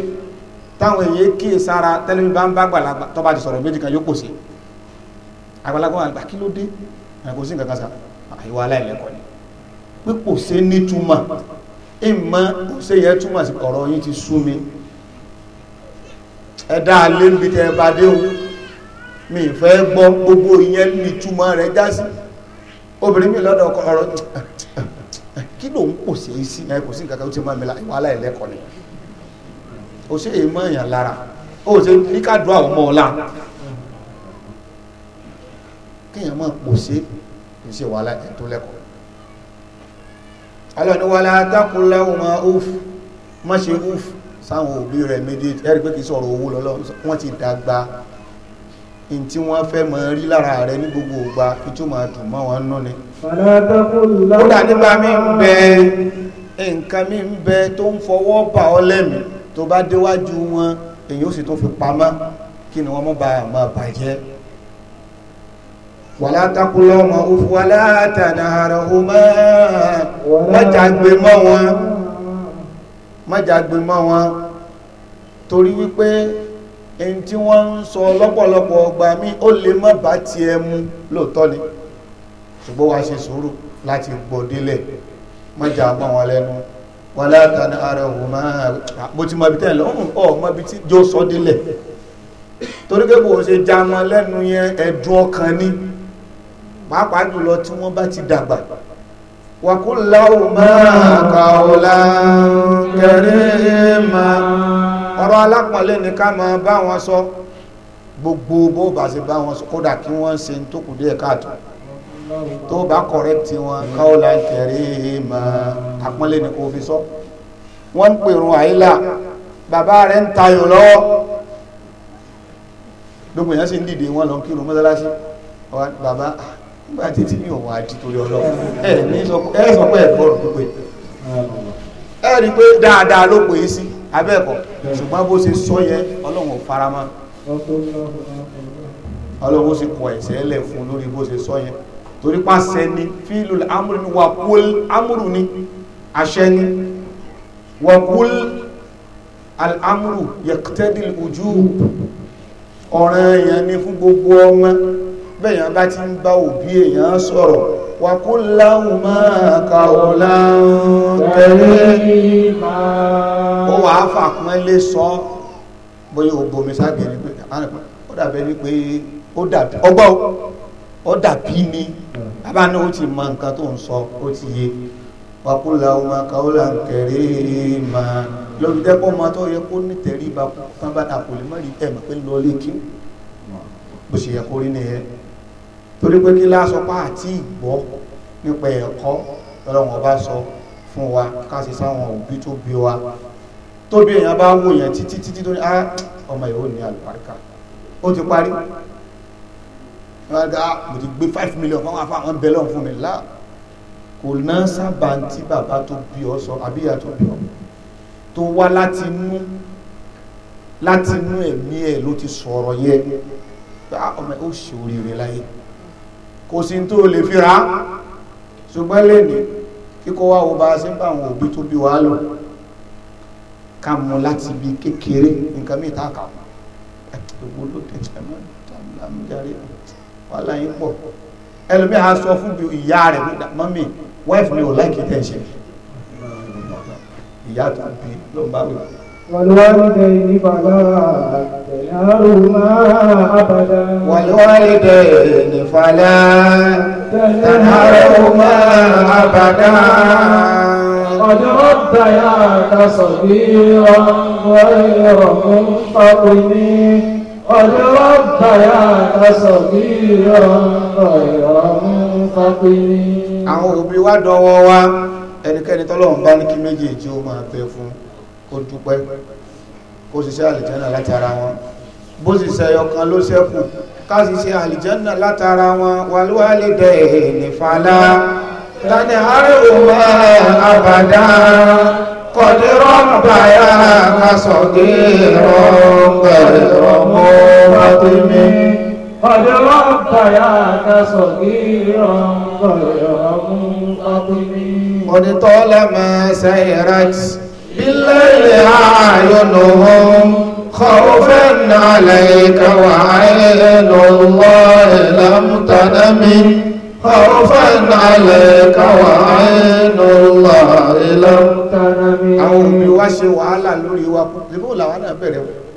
táwọn èèyàn kíyè sára tẹ́lẹ̀mí bá ń bá gbàlagbà tó bá ti sọ̀rọ̀ méjì kan yóò pòsè àgbàlagbà àgbà kí ló dé àgbà sí nǹkan kan sà ah, àyíwá aláìlẹ́kọ̀ọ́ ni pé kò sé nítumọ̀ ìmọ̀ kò sé yẹ túmọ̀ sí ọ̀rọ̀ yín ti sú mi ẹ̀dá alẹ́ níbi tẹ́ ẹ bá dé o mi fẹ́ gbọ́ gbogbo ìyẹn nítumọ̀ rẹ̀ já sí obìnrin mi lọ́dọ̀ ọkọ̀ ọ̀rọ̀ kí ló ń pòsè sí ẹ kò sí nǹkan kan tó ti máa mi la ìwà aláìlẹ́kọ̀ọ́ ni o ṣe èèmọ èèyàn lára o ṣe ní kádùá ọmọ ọlá kéèyàn máa pò sí ìṣe wàhálà ètò lẹ́kọ̀ọ́ alọ́ni wàhálà dákúnlẹ̀ ọmọ oof má ṣe oof sáwọn òbí rẹ̀ méjèèjì ẹ̀rí pé kì í sọ̀rọ̀ owó lọ́lọ́ wọ́n ti dàgbà in tí wọ́n fẹ́ mọ̀ rí lára rẹ̀ ní gbogbo ìgbà ìtò máa dùn mọ́ wọn nú ni ó dà nígbà mí ń bẹ nǹkan mí ń bẹ tó ń fọwọ́ bà ọ́ lẹ́mìí tó bá déwájú wọn èyí ó sì tó fi pamọ́ kí ni wọ́n mọ́ bá àmọ́ bàjẹ́ wàlá takulọ́ ọmọ òfu wàlá tànàrà ọmọ mọ́jàgbé mọ́ wọn mọ́jàgbé mọ́ wọn torí wípé ẹni tí wọ́n ń sọ lọ́pọ̀lọpọ̀ ọgbà mi ó lè má bá tiẹ̀ mu lóòótọ́ ni ṣùgbọ́n wàá ṣe sùúrù láti gbọ́ délẹ̀ mọ́jà gbọ́n wọn lẹ́nu wà látàní ara òun máa ah, mo ti mọ ibi tẹ́lẹ̀ lọ́hùn ọ̀ mọ ibi tí jó sọ délẹ̀ torí pé kò ṣe já mọ lẹ́nu yẹn ẹ̀dùn ọkàn ni pàápàá jùlọ tí wọ́n bá ti dàgbà wà kó láwù máa kàwọ́lá kẹrẹ́ máa ọ̀rọ̀ alápọ̀nlé ni ká máa bá wọn sọ gbogbo bó bá ṣe bá wọn sọ kódà kí wọ́n ṣe tó kù díẹ̀ káàtó tó bá kọ̀rẹ́tì wọn kàwọ́lá kẹrẹ́ máa àpọ́nlé ni kò fi sọ wọ́n ń pèrún àyílà bàbá rẹ̀ ń tayò lọ́wọ́ gbogbo èèyàn sì ń dìde wọn lọ kírun mọ́sálásí bàbá nígbà títí mi ò wá di torí ọlọ́run ẹ ní sọ pé ẹ bọ̀rọ̀ gbogbo ẹ rí i pé dáadáa ló pè é sí abẹ́ẹ̀kọ́ ṣùgbọ́n bó ṣe sọ yẹ ọlọ́run ò fara mọ́ ọlọ́run ó sì kọ ẹ̀sẹ̀ ẹlẹ̀ fún lórí bó ṣe sọ yẹ torí pàṣẹ ni fílùl amúrú ni wà kúl amúrú ni àṣẹ ni wàkúl al'amuru yẹ̀kútẹ́dìl ojú ọ̀ràn èèyàn ni fún gbogbo ọmọ bẹ́yàn bá ti ń bá òbí èèyàn sọ̀rọ̀ wàkúl láhùn máa kàwọ̀ láhùn tẹ́lẹ̀ ó wà á fàpínlẹ̀ sọ bóyá ògbòmí sáàgẹ̀rẹ̀ pé ó dàbẹ́ ní pé ó dàbí ọgbọ́ ó dàbí ni bàbá ó ti mọ nǹkan tó ń sọ ó ti yé وقل لهما قولا كريما lórí dẹ́pọ̀ máa tó yẹ kó ní tẹríba tán bá ta kò lè má rí ẹ̀ mọ̀ pé lọ lé kí bó ṣe yẹ kó rí nìyẹn torí pé kí lásọ pa àti ìgbọ́ nípa ẹ̀kọ́ ọlọ́run ọba sọ fún wa ká ṣe sáwọn òbí tó bí wa tó bí èèyàn bá wò yẹn títí títí tó ní á ọmọ ìhó ní àlùbáríkà ó ti parí mo ti gbé five million fáwọn afáwọn bẹlẹ̀ fún mi láà kò ná sábà tí bàbá tó bí ọ sọ àbí ìyá tó bí ọ tó wá láti inú láti inú ẹ̀mí ẹ̀ ló ti sọ̀rọ̀ yẹ ah, ọmọ ó ṣe oríire láyé kò sí tó lè fira ṣùgbọ́n lẹ́ni kíkọ́ wá wo bá a ṣe ń bá àwọn òbí tó bí wàá lọ ká mọ láti ibi kékeré nǹkan mìíràn tá kà mọ́ gbogbo ló tẹ̀sẹ̀ mọ́ tàbí àmújáre wàhálà yín pọ̀ ẹlòmíà sọ fún ìyá rẹ̀ mọ́mí wife mi ò láìkí tẹ̀ ṣe ìyá tó bí ló ń bá wí. والوالدين فلا تنهرهما أبدا والوالدين فلا تنهرهما أبدا قد ربياك صغيرا غير منقطع قد ربياك صغيرا غير منقطع fàkìrín. àwọn òbí wa dánwọ́ wá ẹnikẹ́ni tọ́lọ́run bá ní kí méjèèjì ó máa bẹ fún kó dúpẹ́ kó ṣiṣẹ́ àlìjẹ́nà látara wọn bó sì ṣẹyọ kan ló ṣẹ́kù ká ṣiṣẹ́ àlìjẹ́nà látara wọn wà ló wá lè dẹ èèní falá tani àríwá àbàdá kọ̀dí rọ́mbà yá kásọ̀gé rọ́mbà rọ́mbà rọ́mbà tó mi. قد ربياك صغيرا غير منقطب قد طالما سيرت بالليل أعينهم خوفا عليك وعين الله لم تنم خوفا عليك وعين الله لم تنم. àwọn òbí wa ṣe wàhálà lórí wa kò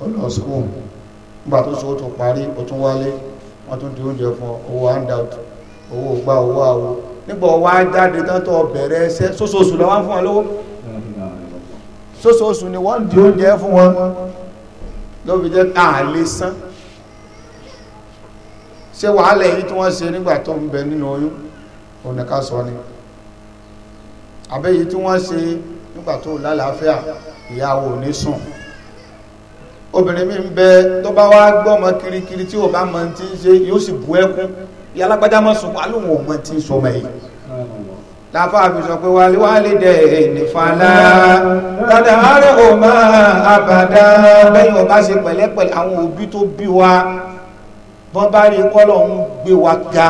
ó lọ school nígbà tó so ó tún parí ó tún wálé wọ́n tún di oúnjẹ fún owó handout owó gbá owó àwo nígbà wá jáde tán tó bẹ̀rẹ̀ ẹsẹ̀ sóṣooṣù lọ wá fún wọn lówó sóṣooṣù ni wọ́n di oúnjẹ fún wọn ló fi jẹ́ àlè sán ṣé wàhálà èyí tí wọ́n ṣe nígbà tó ń bẹ nínú oyún òun ká sọ ni àbẹ́yìí tí wọ́n ṣe nígbà tó lálàáfíà ìyàwó ní sùn obìnrin mi ń bẹ tó bá wá gbọ́ ọmọ kirikiri tí ò bá mọ ti ń ṣe yóò sì bu ẹkún yàlágbájá mọ̀ sùn wàá lóun ò mọ ti ń sọ ọmọ yìí láfa àfi sọ pé wálé wálé dẹ nìfàlà dada àárẹ̀ ò máa àbàdà bẹ́yìn ọba ṣe pẹ̀lẹ́pẹ̀lẹ́ àwọn òbí tó bí wa bọ́n bá rí kọ́lọ̀ ń gbé wa ga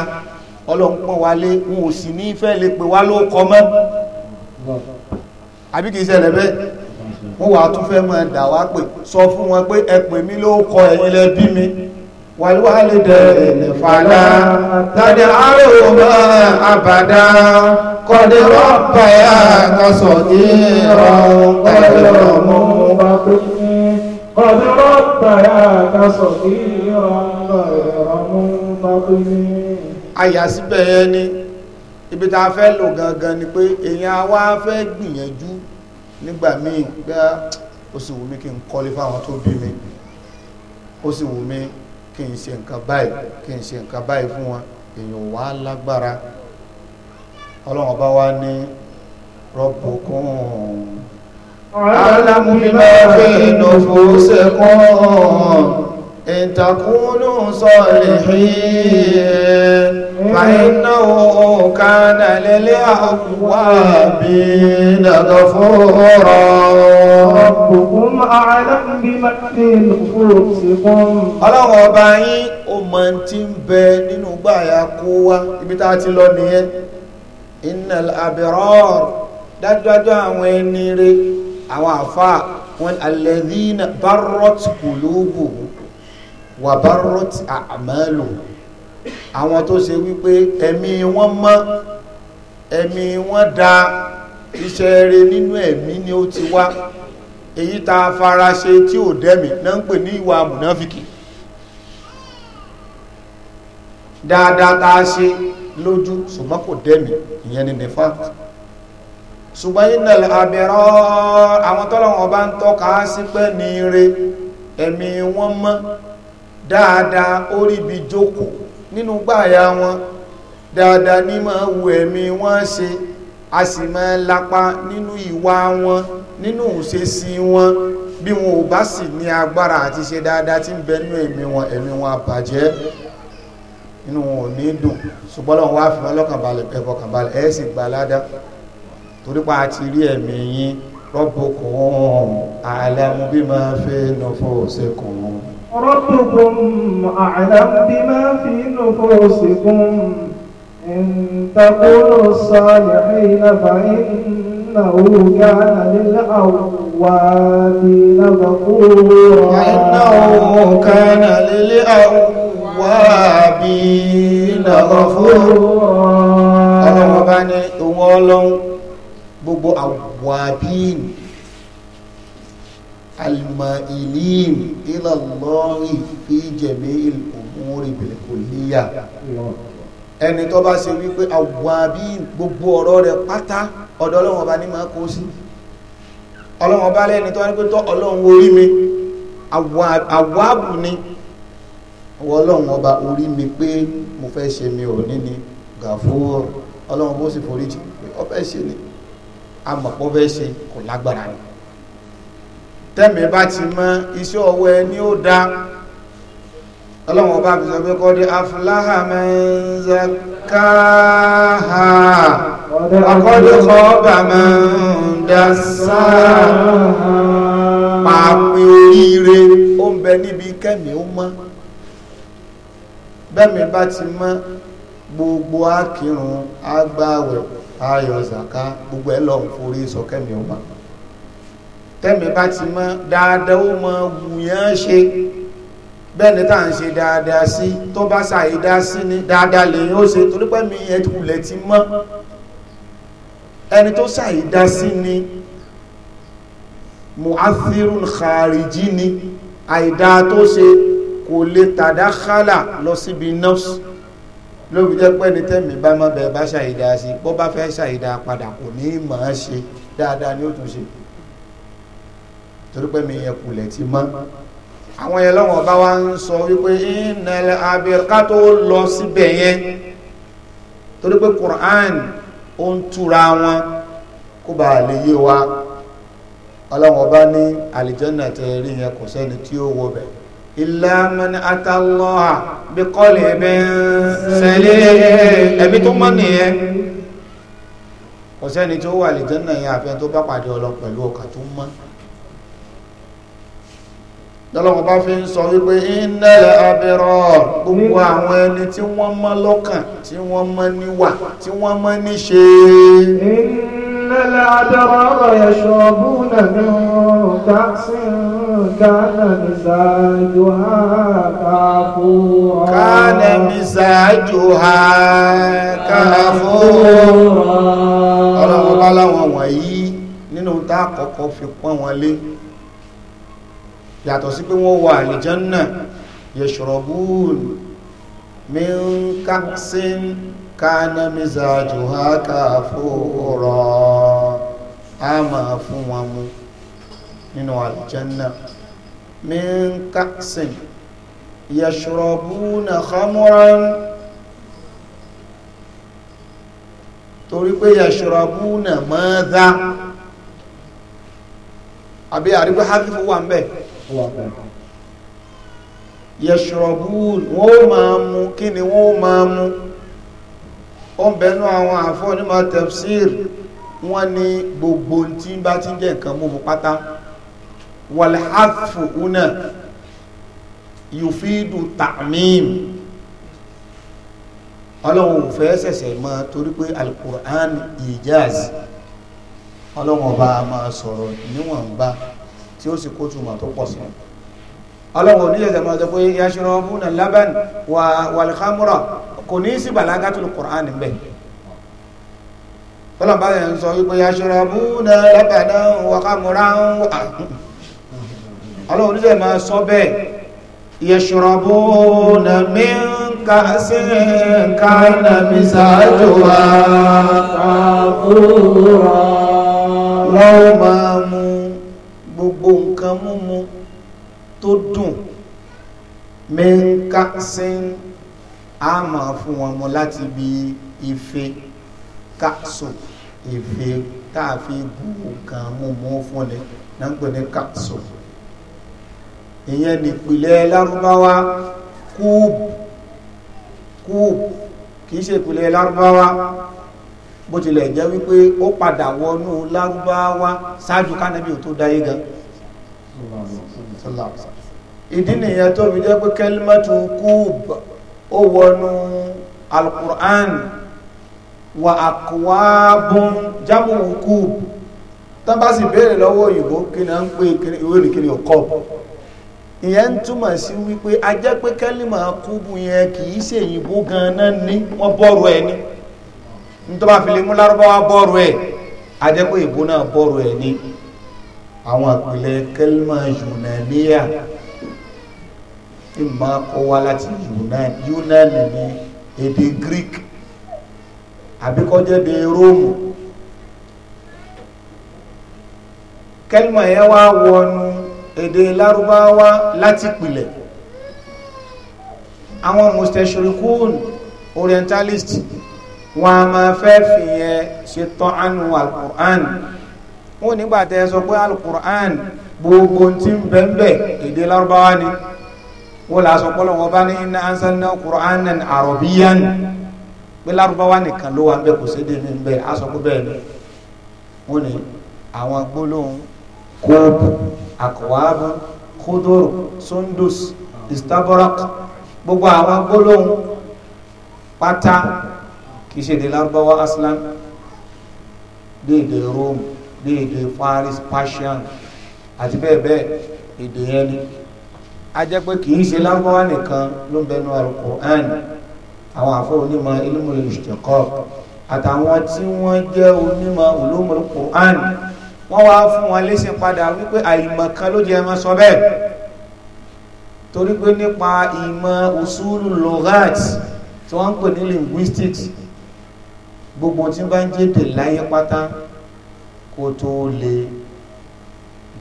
ọlọ́run pọ́n wa lé wọn ò sì ní fẹ́ lè pè wá ló kọ́ mọ́ àbí kì í ṣẹlẹ̀ bẹ́ẹ̀ wọ́n wàá tún fẹ́ máa dà wá pé sọ fún wọn pé ẹ̀pìn mi ló kọ ẹ̀yin lẹ bí mi wàlúwàlẹ̀ dẹ̀ nìfàlà tàbí àrò máa àbàdà kọ́dé rọ́bà yà ní ìrọ̀rùn kọ́dé rọ̀mù bá pé kọ́dé rọ́bà yà ní ìrọ̀rùn bá pé. àyà síbẹ̀ yẹn ni ibi tá a fẹ́ lò gangan ni pé èèyàn wa fẹ́ gbìyànjú nígbà míì gbá ó sì wù mí kí n kọ́lé fáwọn tó bí mi ó sì wù mí kí n ṣe nǹkan báyìí kí n ṣe nǹkan báyìí fún wọn èèyàn wà lágbára ọlọ́run ọba wa ní rabbukum alamu bima fi nufusikum. إن تكونوا صالحين فإنه كان للأوابين غفورا ربكم أعلم بمن في نفوسكم ọlọ́run ọba yín ó mọ tí ń bẹ nínú gbàyà kó wá ibi tá a ti lọ nìyẹn innal abrar dájúdájú àwọn ẹni rẹ àwọn àfa wọn alladhina barrat qulubuhum wàbárọ́t àmàlù àwọn tó ṣe wípé ẹ̀mí wọn mọ́ ẹ̀mí wọn da iṣẹ́ rere nínú ẹ̀mí ni ó ti wá èyí tá a fara ṣe tí ò dẹ́mi náà ń pè ní ìwà mùnáfìkì dáadáa tá a ṣe lójú ṣùgbọ́n kò dẹ́mi ìyẹn ni nìfà ṣùgbọ́n innal abẹ́rọ́ àwọn tọ́lọ́wọ́n bá ń tọ́ka sí pé ní ire ẹ̀mí wọn mọ́ dáadáa ó ríbi jókòó nínú gbáàyà wọn dáadáa ní máa wu ẹ̀mí wọn ṣe a sì máa lapa nínú ìwà wọn nínú òṣèṣì wọn bí wọn ò bá sì ní agbára àti ṣe dáadáa tí ń bẹ nínú ẹ̀mí wọn ẹ̀mí wọn àbàjẹ́ inú wọn ò ní dùn ṣùgbọ́n lọ́wọ́ wá fi wọn lọ́kàn balẹ̀ ẹ̀ sì gbà ládá torípa àti rí ẹ̀mí yín rọ́bù kùn mú bí máa fẹ́ nọ́fọ́ òṣèkùn ún. ربكم أعلم بما في نفوسكم إن تقولوا الصالحين فإنه كان للأوابين غفورا إنه كان للأوابين غفورا ọlọ́run bá ní ìwọ ọlọ́run gbogbo àwàbíìnì almailin إلى الله في جميع الأمور bil kulliyah ẹni tó bá ṣe wípé àwàbí gbogbo ọ̀rọ̀ rẹ̀ pátá ọ̀dọ̀ ọlọ́run ọba ní máa kó sí ọlọ́run ọba lẹ́ni tó wá ní pé tọ́ ọlọ́run orí mi àwàbù ni wọ́n ọlọ́run ọba orí mi pé mo fẹ́ ṣe mi ò ní ni gàfúrò ọlọ́run bó sì foríjì pé ọ fẹ́ ṣe ni amọ̀pọ̀ fẹ́ ṣe kò lágbára ni tẹ́mi bá ti mọ iṣẹ́ ọwọ́ ẹni ó dá ọlọ́run ọba fi sọ pé kọ́ di afúláhà mẹ́ńzẹ́káhà ọkọ́dé kọ́ọ̀bà mẹ́ńdásáà pàápẹ́ oríire ó ń bẹ níbi kẹ́mi ó mọ́ bẹ́mi bá ti mọ́ gbogbo akírun agbáwẹ̀ ayọ̀ zàká gbogbo ẹ̀ lọ́hùn forí sọ kẹ́mi ó mọ́ tẹ́mi bá ti mọ́ dáadáa ó mọ wùyán ṣe bẹ́ẹ̀ni tá à ń ṣe dáadáa sí tó bá ṣàìdá sí ni dáadáa lèyìn ó ṣe torí pé mi ẹ̀ kulẹ̀ ti mọ́ ẹni tó ṣàìdá sí ni mu'athirun khariji ni àìdá tó ṣe kò lè tàdákálà lọ síbi nọ́ọ̀sì ló fi jẹ́ pé ní tẹ́mi bá mọ́ bẹ́ẹ̀ bá ṣàìdá sí bó bá fẹ́ ṣàìdá padà kò ní mọ̀ ọ́ ṣe dáadáa ni ó tún ṣe torí pé mi yẹn kulẹ̀ ti mọ́ àwọn yẹn lọ́wọ́ bá wa ń sọ wípé ìnàlẹ̀ abẹ́ká tó lọ síbẹ̀ yẹn torí pé Qur'an ó ń túra wọn kó bá lè yé wa ọlọ́wọ́ bá ní àlìjọ́nà tẹ rí yẹn kò sẹ́ni tí ó wọ bẹ̀ illa man atallaha bí kọ́lì ẹ̀mí sẹ́lẹ̀ ẹ̀mí tó mọ́ nìyẹn kò sẹ́ni tí ó wà àlìjọ́nà yẹn àfẹ́ tó bá pàdé ọlọ́ pẹ̀lú ọkà tó mọ́ tọ́lọ́wọ́ bá fi ń sọ wípé ìnẹ́lẹ̀ abẹ́rọ̀ gbogbo àwọn ẹni tí wọ́n mọ́ lọ́kàn tí wọ́n mọ́ níwà tí wọ́n mọ́ níṣe ìnẹ́lẹ̀ abẹ́rọ̀ ọ̀rọ̀ ẹ̀ṣọ́ búnà náà káàsìn káàlẹ̀ mìsáàjò ha káàfó káàlẹ̀ mìsáàjò ha káàfó ọ̀rọ̀ wọn bá láwọn wọ̀nyí nínú tá àkọ́kọ́ fi pọ́n wọn lé yàtọ̀ sí pé wọ́n wà àlìjánà yashrabun min ka'sin kana mizajuha kafura a máa fún wọn mu nínú àlìjánà min ka'sin yashrabuna khamran torí pé yashrabuna madha àbí àrígbé hafifu wà ń bẹ́ẹ̀ yẹ̀ṣọ̀rọ̀bù wọ́n ó máa mú kí ni wọ́n ó máa mú ó ń bẹnu àwọn àfọ́ onímọ̀ tafsir wọ́n ní gbogbo tí bá ti jẹ́ nǹkan múmu pátá wàlhàfù una yufidu ta'mim ọlọ́run ò fẹ́ mọ́ torí pé alukur'an ijaz ọlọ́run ọba máa sọ̀rọ̀ níwọ̀nba tí ó sì kó túmọ̀ tó pọ̀ sí ọlọ́wọ̀n onílẹ̀ ìgbà máa sọ pé yasirọ̀ múnà laban wà wàlìkámúrà kò ní sí bàlágà tó kùránì bẹ̀ tọ́lọ̀bá yẹn sọ wípé yasirọ̀ múnà laban wàkámúrà ọlọ́wọ̀n onílẹ̀ máa sọ bẹ́ẹ̀ yasirọ̀ múnà mìíràn كأسٍ كان مزاجها كافورا لو gbogbo nǹkan múmu tó dùn mẹ́ńká sí á máa fún wọn mu láti bí ife káàsù ife tá a fi bu nǹkan múmu fún ni náà ń pè ní káàsù ìyẹn nìpìlẹ̀ lárúbáwá kúùbù kúùbù kìí ṣe ìpìlẹ̀ lárúbáwá bó tilẹ̀ jẹ́ wípé ó padà wọnú lárúbáwá ṣáájú kánábì ò tó dáyé gan ìdí nìyẹn tó fi jẹ́ pé kẹ́límẹ́tù kúùb ó wọnú alukur'an wa akwabun jamu kúùb tán bá sì béèrè lọ́wọ́ òyìnbó kí ni a ń pè ìwé ní kí ni ọkọ̀ ìyẹn ń túmọ̀ sí wípé a jẹ́ pé kẹ́límà kúùbù yẹn kì í ṣe òyìnbó gan-an ní wọ́n bọ́ọ̀rù ẹ̀ ní nítorí àfilẹ́mú lárúbáwá bọ́ọ̀rù ẹ̀ a jẹ́ pé òyìnbó náà bọ́ọ̀rù ẹ̀ ní àwọn ìpìlẹ̀ kẹlímà yunaniya ìmọ̀ kọ́ wá láti yunan yunan ní èdè greek àbíkọ́jẹ́ de róòmù kẹlímà yẹn wá wọnú èdè lárúbáwá láti pìlẹ̀ àwọn mustachirikun orientalist wọn a máa fẹ́ fìyẹn ṣe tán ánú alukur'an wọn nígbà tẹ ẹ sọ pé alukur'an gbogbo ti ń bẹ́ńbẹ́ èdè lárúbáwá ni wọn là sọ pọ́lọ́ wọn bá ní inna anzalna qur'anan arabiyan pé lárúbáwá nìkan ló wà ń bẹ kò sí èdè ń bẹ a sọ ni wọn ni àwọn gbólóhùn kóòpù àkọwáàbù kódòrò sundus istaborak gbogbo àwọn gbólóhùn pátá kì ṣe èdè lárúbáwá aslan dé èdè róòmù bí èdè Faris Persian àti bẹ́ẹ̀ bẹ́ẹ̀ èdè yẹn ni a jẹ́ pé kì í ṣe lárúbáwá nìkan ló ń bẹnu Al-Qur'an àwọn àfọ onímọ̀ ilmul ishtiqaq àtàwọn tí wọ́n jẹ́ onímọ̀ ulumul Qur'an wọ́n wá fún wọn léṣe padà wípé àìmọ̀ kan ló jẹ́ ẹ máa sọ bẹ́ẹ̀ torí pé nípa ìmọ̀ usulu lughat tí wọ́n ń pè ní linguistics gbogbo tí wọ́n bá ń jẹ́ èdè láyé pátá kó tó lè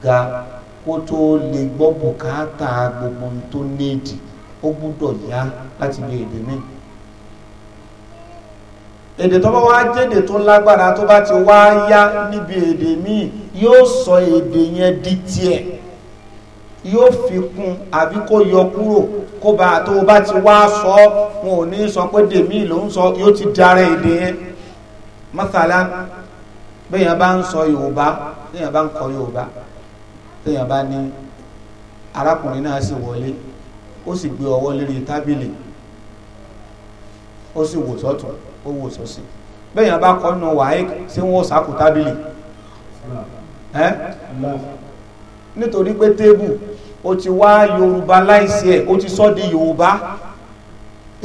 ga kó tó lè gbọ́ bùkátà gbogbo tó nídìí ó gbúdọ̀ yá láti bí èdè míì èdè tó bá wá jẹ́dè tó lágbára tó bá ti wá yá níbi èdè míì yóò sọ èdè yẹn di tiẹ̀ yóò fi kún àbí kó yọ kúrò kó bá tó bá ti wá sọ wọn ò ní sọ pé dèmí ló ń sọ yóò ti darẹ̀ èdè yẹn mọ́sálá bẹ́ẹ̀yàn bá ń sọ yorùbá bẹ́ẹ̀yàn bá ń kọ yorùbá bẹ́ẹ̀yàn bá ní arákùnrin náà sì wọlé ó sì gbé ọwọ́ lérí tábìlì ó sì wò sọ́tún ó wò sọ́sì bẹ́ẹ̀yàn bá kọ́ nù wàhálà sí wọn ò tábìlì ẹ́ nítorí pé tébù ó ti wá yorùbá láìsí ẹ̀ ó ti sọ́ di yorùbá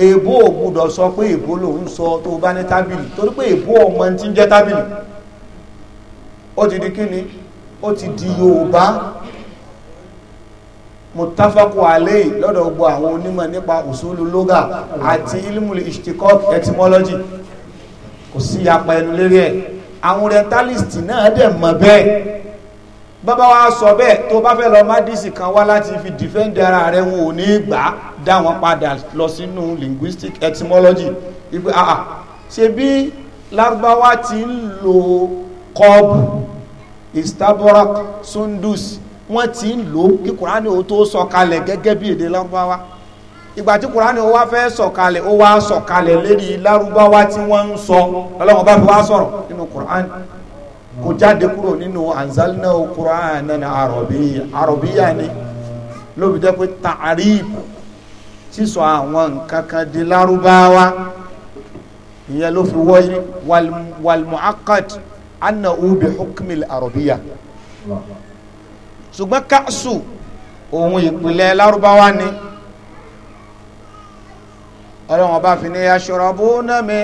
èèbó ò gbúdọ̀ sọ pé èèbó lòun sọ tó bá ní tábìlì torí pé èèbó ọmọ ti ń jẹ́ tábìlì. ó ti di kíni ó ti di yorùbá mutafaku alei lọ́dọ̀ gbogbo àwọn onímọ̀ nípa usulu lóga àti ilmul ishtikok etymology kò sí apá ẹnu lérí ẹ̀ àwọn orientalist náà dẹ̀ mọ̀ bẹ́ẹ̀ bàbá wa sọ bẹ́ẹ̀ tó bá fẹ́ lọ mádìsì kan wá láti fi defend ara rẹ̀ wọn ò ní gbà dá wọn padà lọ sínú linguistic etymology ṣe bí lárúbáwá ti ń lo kọ́ọ̀bù istaborak sundus wọ́n ti ń lò kí kùránì ó tó sọ̀kalẹ̀ gẹ́gẹ́ bí èdè lárúbáwá ìgbà tí kùránì ó wá fẹ́ sọ̀kalẹ̀ ó wá sọ̀kalẹ̀ lérí lárúbáwá tí wọ́n ń sọ ọlọ́run bá fi wá sọ̀rọ̀ nínú kùránì kò jáde kúrò nínú anzalna kùránì ní arọ̀bíyà arọ̀bíyà ni ló fi jẹ́ pé tààríbù sísọ àwọn nǹkan kan di lárúbáwá ìyẹn ló fi wọ́ wal mu'aqqad anna ubi hukmil arabiya ṣùgbọ́n káṣù òun ìpìlẹ̀ lárúbáwá ni ọlọ́run ọba fi ní aṣọ́rọ̀bù nàmí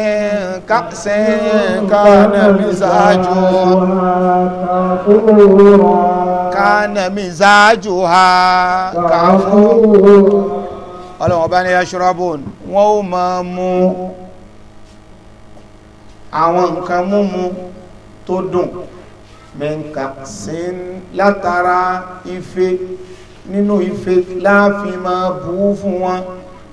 káṣẹ́ kánàmí ṣáájú kánàmí ṣáájú ha káfú ọlọ́run ọba ní aṣọ́rọ̀bù wọn ó máa mú àwọn nǹkan múmu tó dùn mẹ́ǹkàṣín látara ife nínú ife láàfin máa bù fún wọn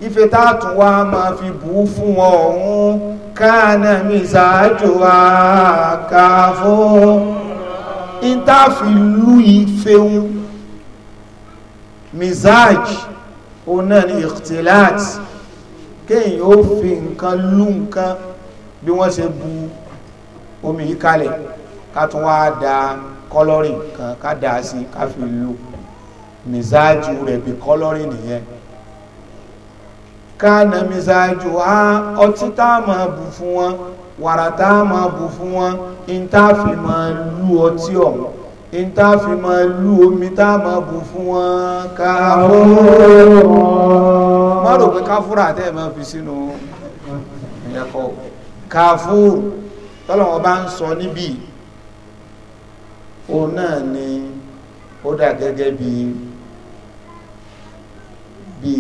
ife táàtún wá máa fi bù ú fún wọn ọ̀hún káànà mi ṣáájú wa káfó ìtàfi lú ife wọn mizaj òun ni ìkìtìláàtì kéèyàn ó fi nǹkan lú nǹkan bí wọ́n ṣe bu omi yìí kalẹ̀ ká tún wá da kọ́lọ́rìn kan ká dà sí ká fi lu mìsáájú rẹ̀ bí kọ́lọ́rìn nìyẹn kánà mìsáájú á ọtí tá a máa bù fún wọn wàrà tá a máa bù fún wọn ìta fi máa lu ọtí ọ̀hún ìta fi máa lu omi tá a máa bù fún wọn káfúrò má rò pé káfúrò àtẹ̀ máa fi sínú ẹ̀kọ́ káfúrò tọ́lọ́wọ́n bá ń sọ níbí o náà ni ó dà gẹ́gẹ́ bí bí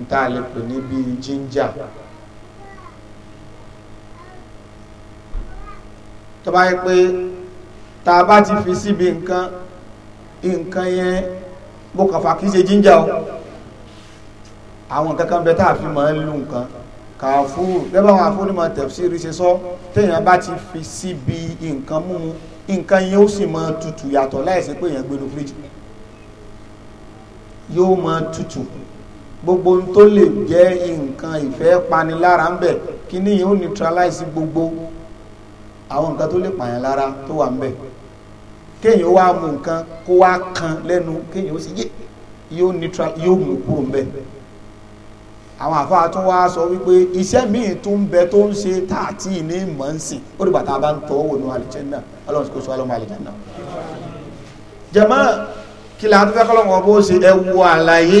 nta lè pè ní bí jíńjà tó bá yẹ pé tá bá ti fi síbi nǹkan nǹkan yẹn bó kàn kí ṣe jíńjà o àwọn kankan bẹ tá a fi máa ń lu nǹkan kàfúrù lẹ́bà àwọn afúnimọ̀ tẹ̀fsíìrì ṣe sọ téèyàn bá ti fi síbi nǹkan múmu nǹkan yẹn ó sì máa tutù yàtọ̀ láìsí pé èèyàn gbénu fíríjì yóò máa tutù gbogbo ohun tó lè jẹ́ nǹkan ìfẹ́ panilára ń bẹ̀ kí ni yóò neutralize gbogbo àwọn nǹkan tó lè pààyàn lára tó wà ń bẹ̀ kéèyàn wá mu nǹkan kó wá kan lẹ́nu kéèyàn ó sì yé yóò neutral yóò mú kúrò ń bẹ̀ àwọn àfáà tún wá sọ wípé iṣẹ́ míì tún ń bẹ tó ń ṣe táàtì ní mọ̀ọ́sìn ó dìgbà tá a bá ń tọ́ wò ní àlùjánnà ọlọ́run kò sọ ọlọ́run àlùjánnà. jẹ̀mọ́ kí la tó fẹ́ kọ́lọ́wọ́ bó ṣe ẹ wo àlàyé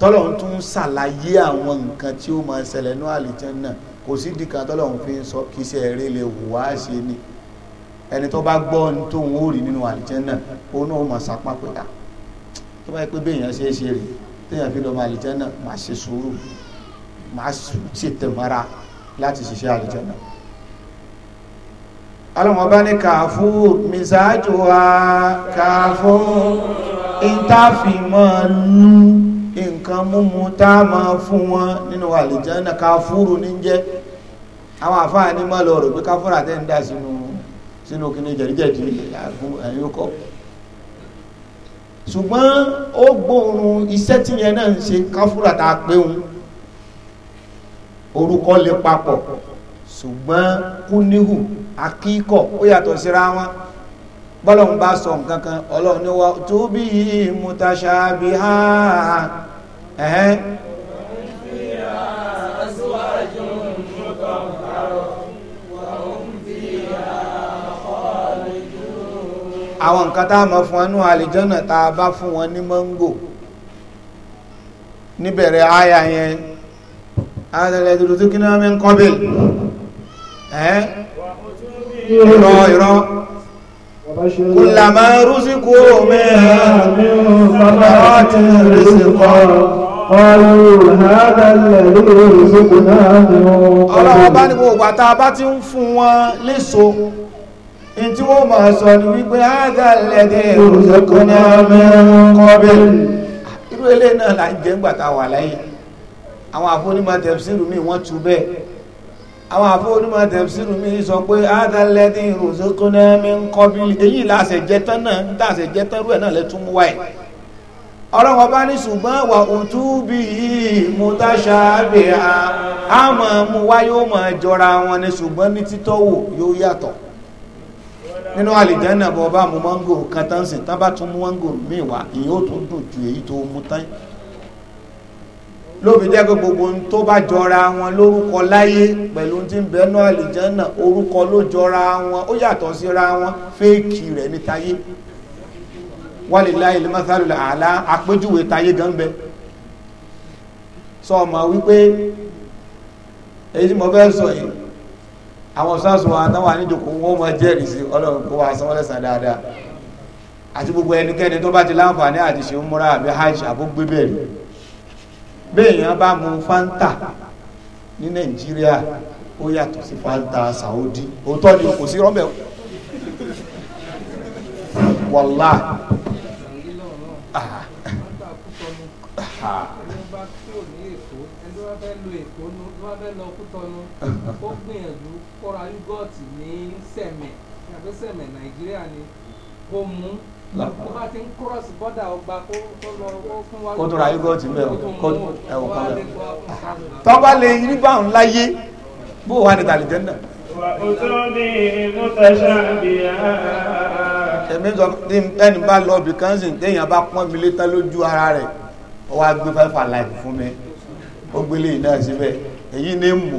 tọ́lọ́run tún ṣàlàyé àwọn nǹkan tí ó máa ṣẹlẹ̀ ní àlùjánnà kò sí dìkan tọ́lọ́run fi ń sọ kí iṣẹ́ eré lè wù wá ṣe ni ẹni tó bá gbọ́ ní tóun ó téèyàn fi lọ́mọ àlìjẹ́nà máa ṣe sùúrù máa ṣètè mọ́ra láti ṣiṣẹ́ àlìjẹ́nà alọ́mọba ní kàfú mìsáájú wa kàfú ìtàfimọ́ nú nǹkan múmu tá a máa fún wọn nínú àlìjẹ́nà kàfúrù ní jẹ́ àwọn àfáà ní mọ́ lọ rò pé káfúrà tẹ́ ń dá sínú sínú kí jẹ̀díjẹ̀dí àgùn ẹ̀yìn ṣùgbọ́n ó gbóòórùn iṣẹ́ tí yẹn náà ń ṣe káfúrà tá a pé òun orúkọ lè papọ̀ ṣùgbọ́n kúníhù akíkọ̀ ó yàtọ̀ síra wọn bọ́lọ̀hún bá sọ nǹkan kan ọlọ́run ni wọ́n tó bí mutaṣabiha ẹ̀hẹ́n àwọn nǹkan tá a mọ̀ fún wọn nínú àlìjọ́nà tá a bá fún wọn ní mọ́ngò níbẹ̀rẹ̀ àyà yẹn àtẹ̀lẹ̀ tuntun tó kí ní wọ́n mi ń kọ́ bẹ́ẹ̀ ẹ́ ìrọ̀ ìrọ̀ kùlàmà rúsìkò mẹ́rin Ọlọ́run bá ní gbogbo àtàbá tí ń fún wọn léso ìtí wọ́n máa sọ ní wípé ádàlẹ́dẹ́ òrùsẹ́kọ́ ní amẹ́kọ́bẹ̀ irú ilé náà là ń jẹ́ ń gbàta wà láyé àwọn àfónímọ̀ tẹ̀síìrù mi wọ́n tú bẹ́ẹ̀ àwọn àfónímọ̀ tẹ̀síìrù mi sọ pé ádàlẹ́dẹ́ òrùsẹ́kọ́ ní amẹ́kọ́bẹ̀ èyí làṣẹ jẹ tán náà dàṣẹ jẹ tán rú ẹ̀ náà lẹ́tún mú wáyé ọlọ́wọ́n bá ní ṣùgbọ́n wà òtú bí i mọ́tàṣà bẹ̀ àmọ́ mú wáyé ó mọ̀ jọra wọn ni ṣùgbọ́n ní títọ́wò yóò yàtọ̀ nínú àlìjánà bọ́ bá mu mọ́ngòrò kan tán sìn tán bá tún mú mọ́ngòrò míì wá ìyẹn ó tún dùn ju èyí tó mu tán lóbi jẹ́ pé gbogbo ohun tó bá jọra wọn lórúkọ láyé pẹ̀lú ohun tí ń bẹnu àlìjánà orúkọ ló jọra wọn ó yàtọ̀ síra wọn fẹ́ẹ̀kì rẹ̀ ní tayé walilayi limasalu ala àpèjúwe tayé gan bẹ sọ ma wípé èyí tí mo fẹ́ sọ yìí àwọn sọ́ọ̀sì wa táwọn àníjòkó wọn máa jẹ́rìí sí ọlọ́run kó wa sanwó lẹ́sàn dáadáa àti gbogbo ẹnikẹ́ni tó bá ti láǹfààní àti ṣe ń múra àbí hajj àbúgbé bẹ́ẹ̀ béèyàn bá mu fanta ní nàìjíríà ó yàtọ̀ sí fanta saudi òótọ́ ni kò sí rọ́mẹ̀ wàlá ó gbìyànjú kó ra yúgọ̀tì ní sẹ̀mẹ̀ yàgbé sẹ̀mẹ̀ nàìjíríà ni kó mú kó bá ti ń cross border ọgbà kó lọ fún wa. kó tó ra yúgọ̀tì mẹ́ kó ẹ̀wọ̀n kan mẹ́. tọ́ba lè rí báwọn láyé bó wà ní tàlìjẹ́ náà. èmi sọ ní ẹni bá lọ bí kánsìn téèyàn bá pọ́n mi létá lójú ara rẹ̀ ó wá gbé fẹ́fà láì fún mi ó gbélé yìí náà síbẹ̀ èyí ní mú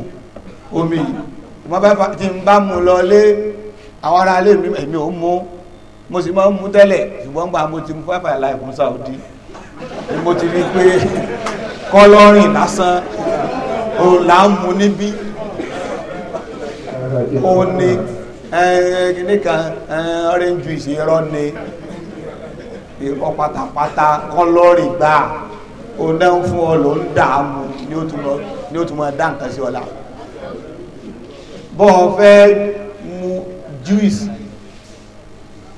omi yìí tí n bá mú lọ lé àwọn ará ilé mi èmi ò mú mo sì máa ń mú tẹ́lẹ̀ ṣùgbọ́n gba mo ti mú fẹ́fà láì fún Saudi ni mo ti rí pé kọ́lọ́rìn lásán òun là ń mu níbí ó ní ẹ̀ẹ́dẹ́gbẹ̀rún orange juice irọ́ ni ìkọ́ pátápátá kọ́lọ́rì gbà ó náà fún ọ ló ń dààmú ni ó tún máa dá nǹkan sí ọ láwọn bọ́ ọ fẹ́ mu juice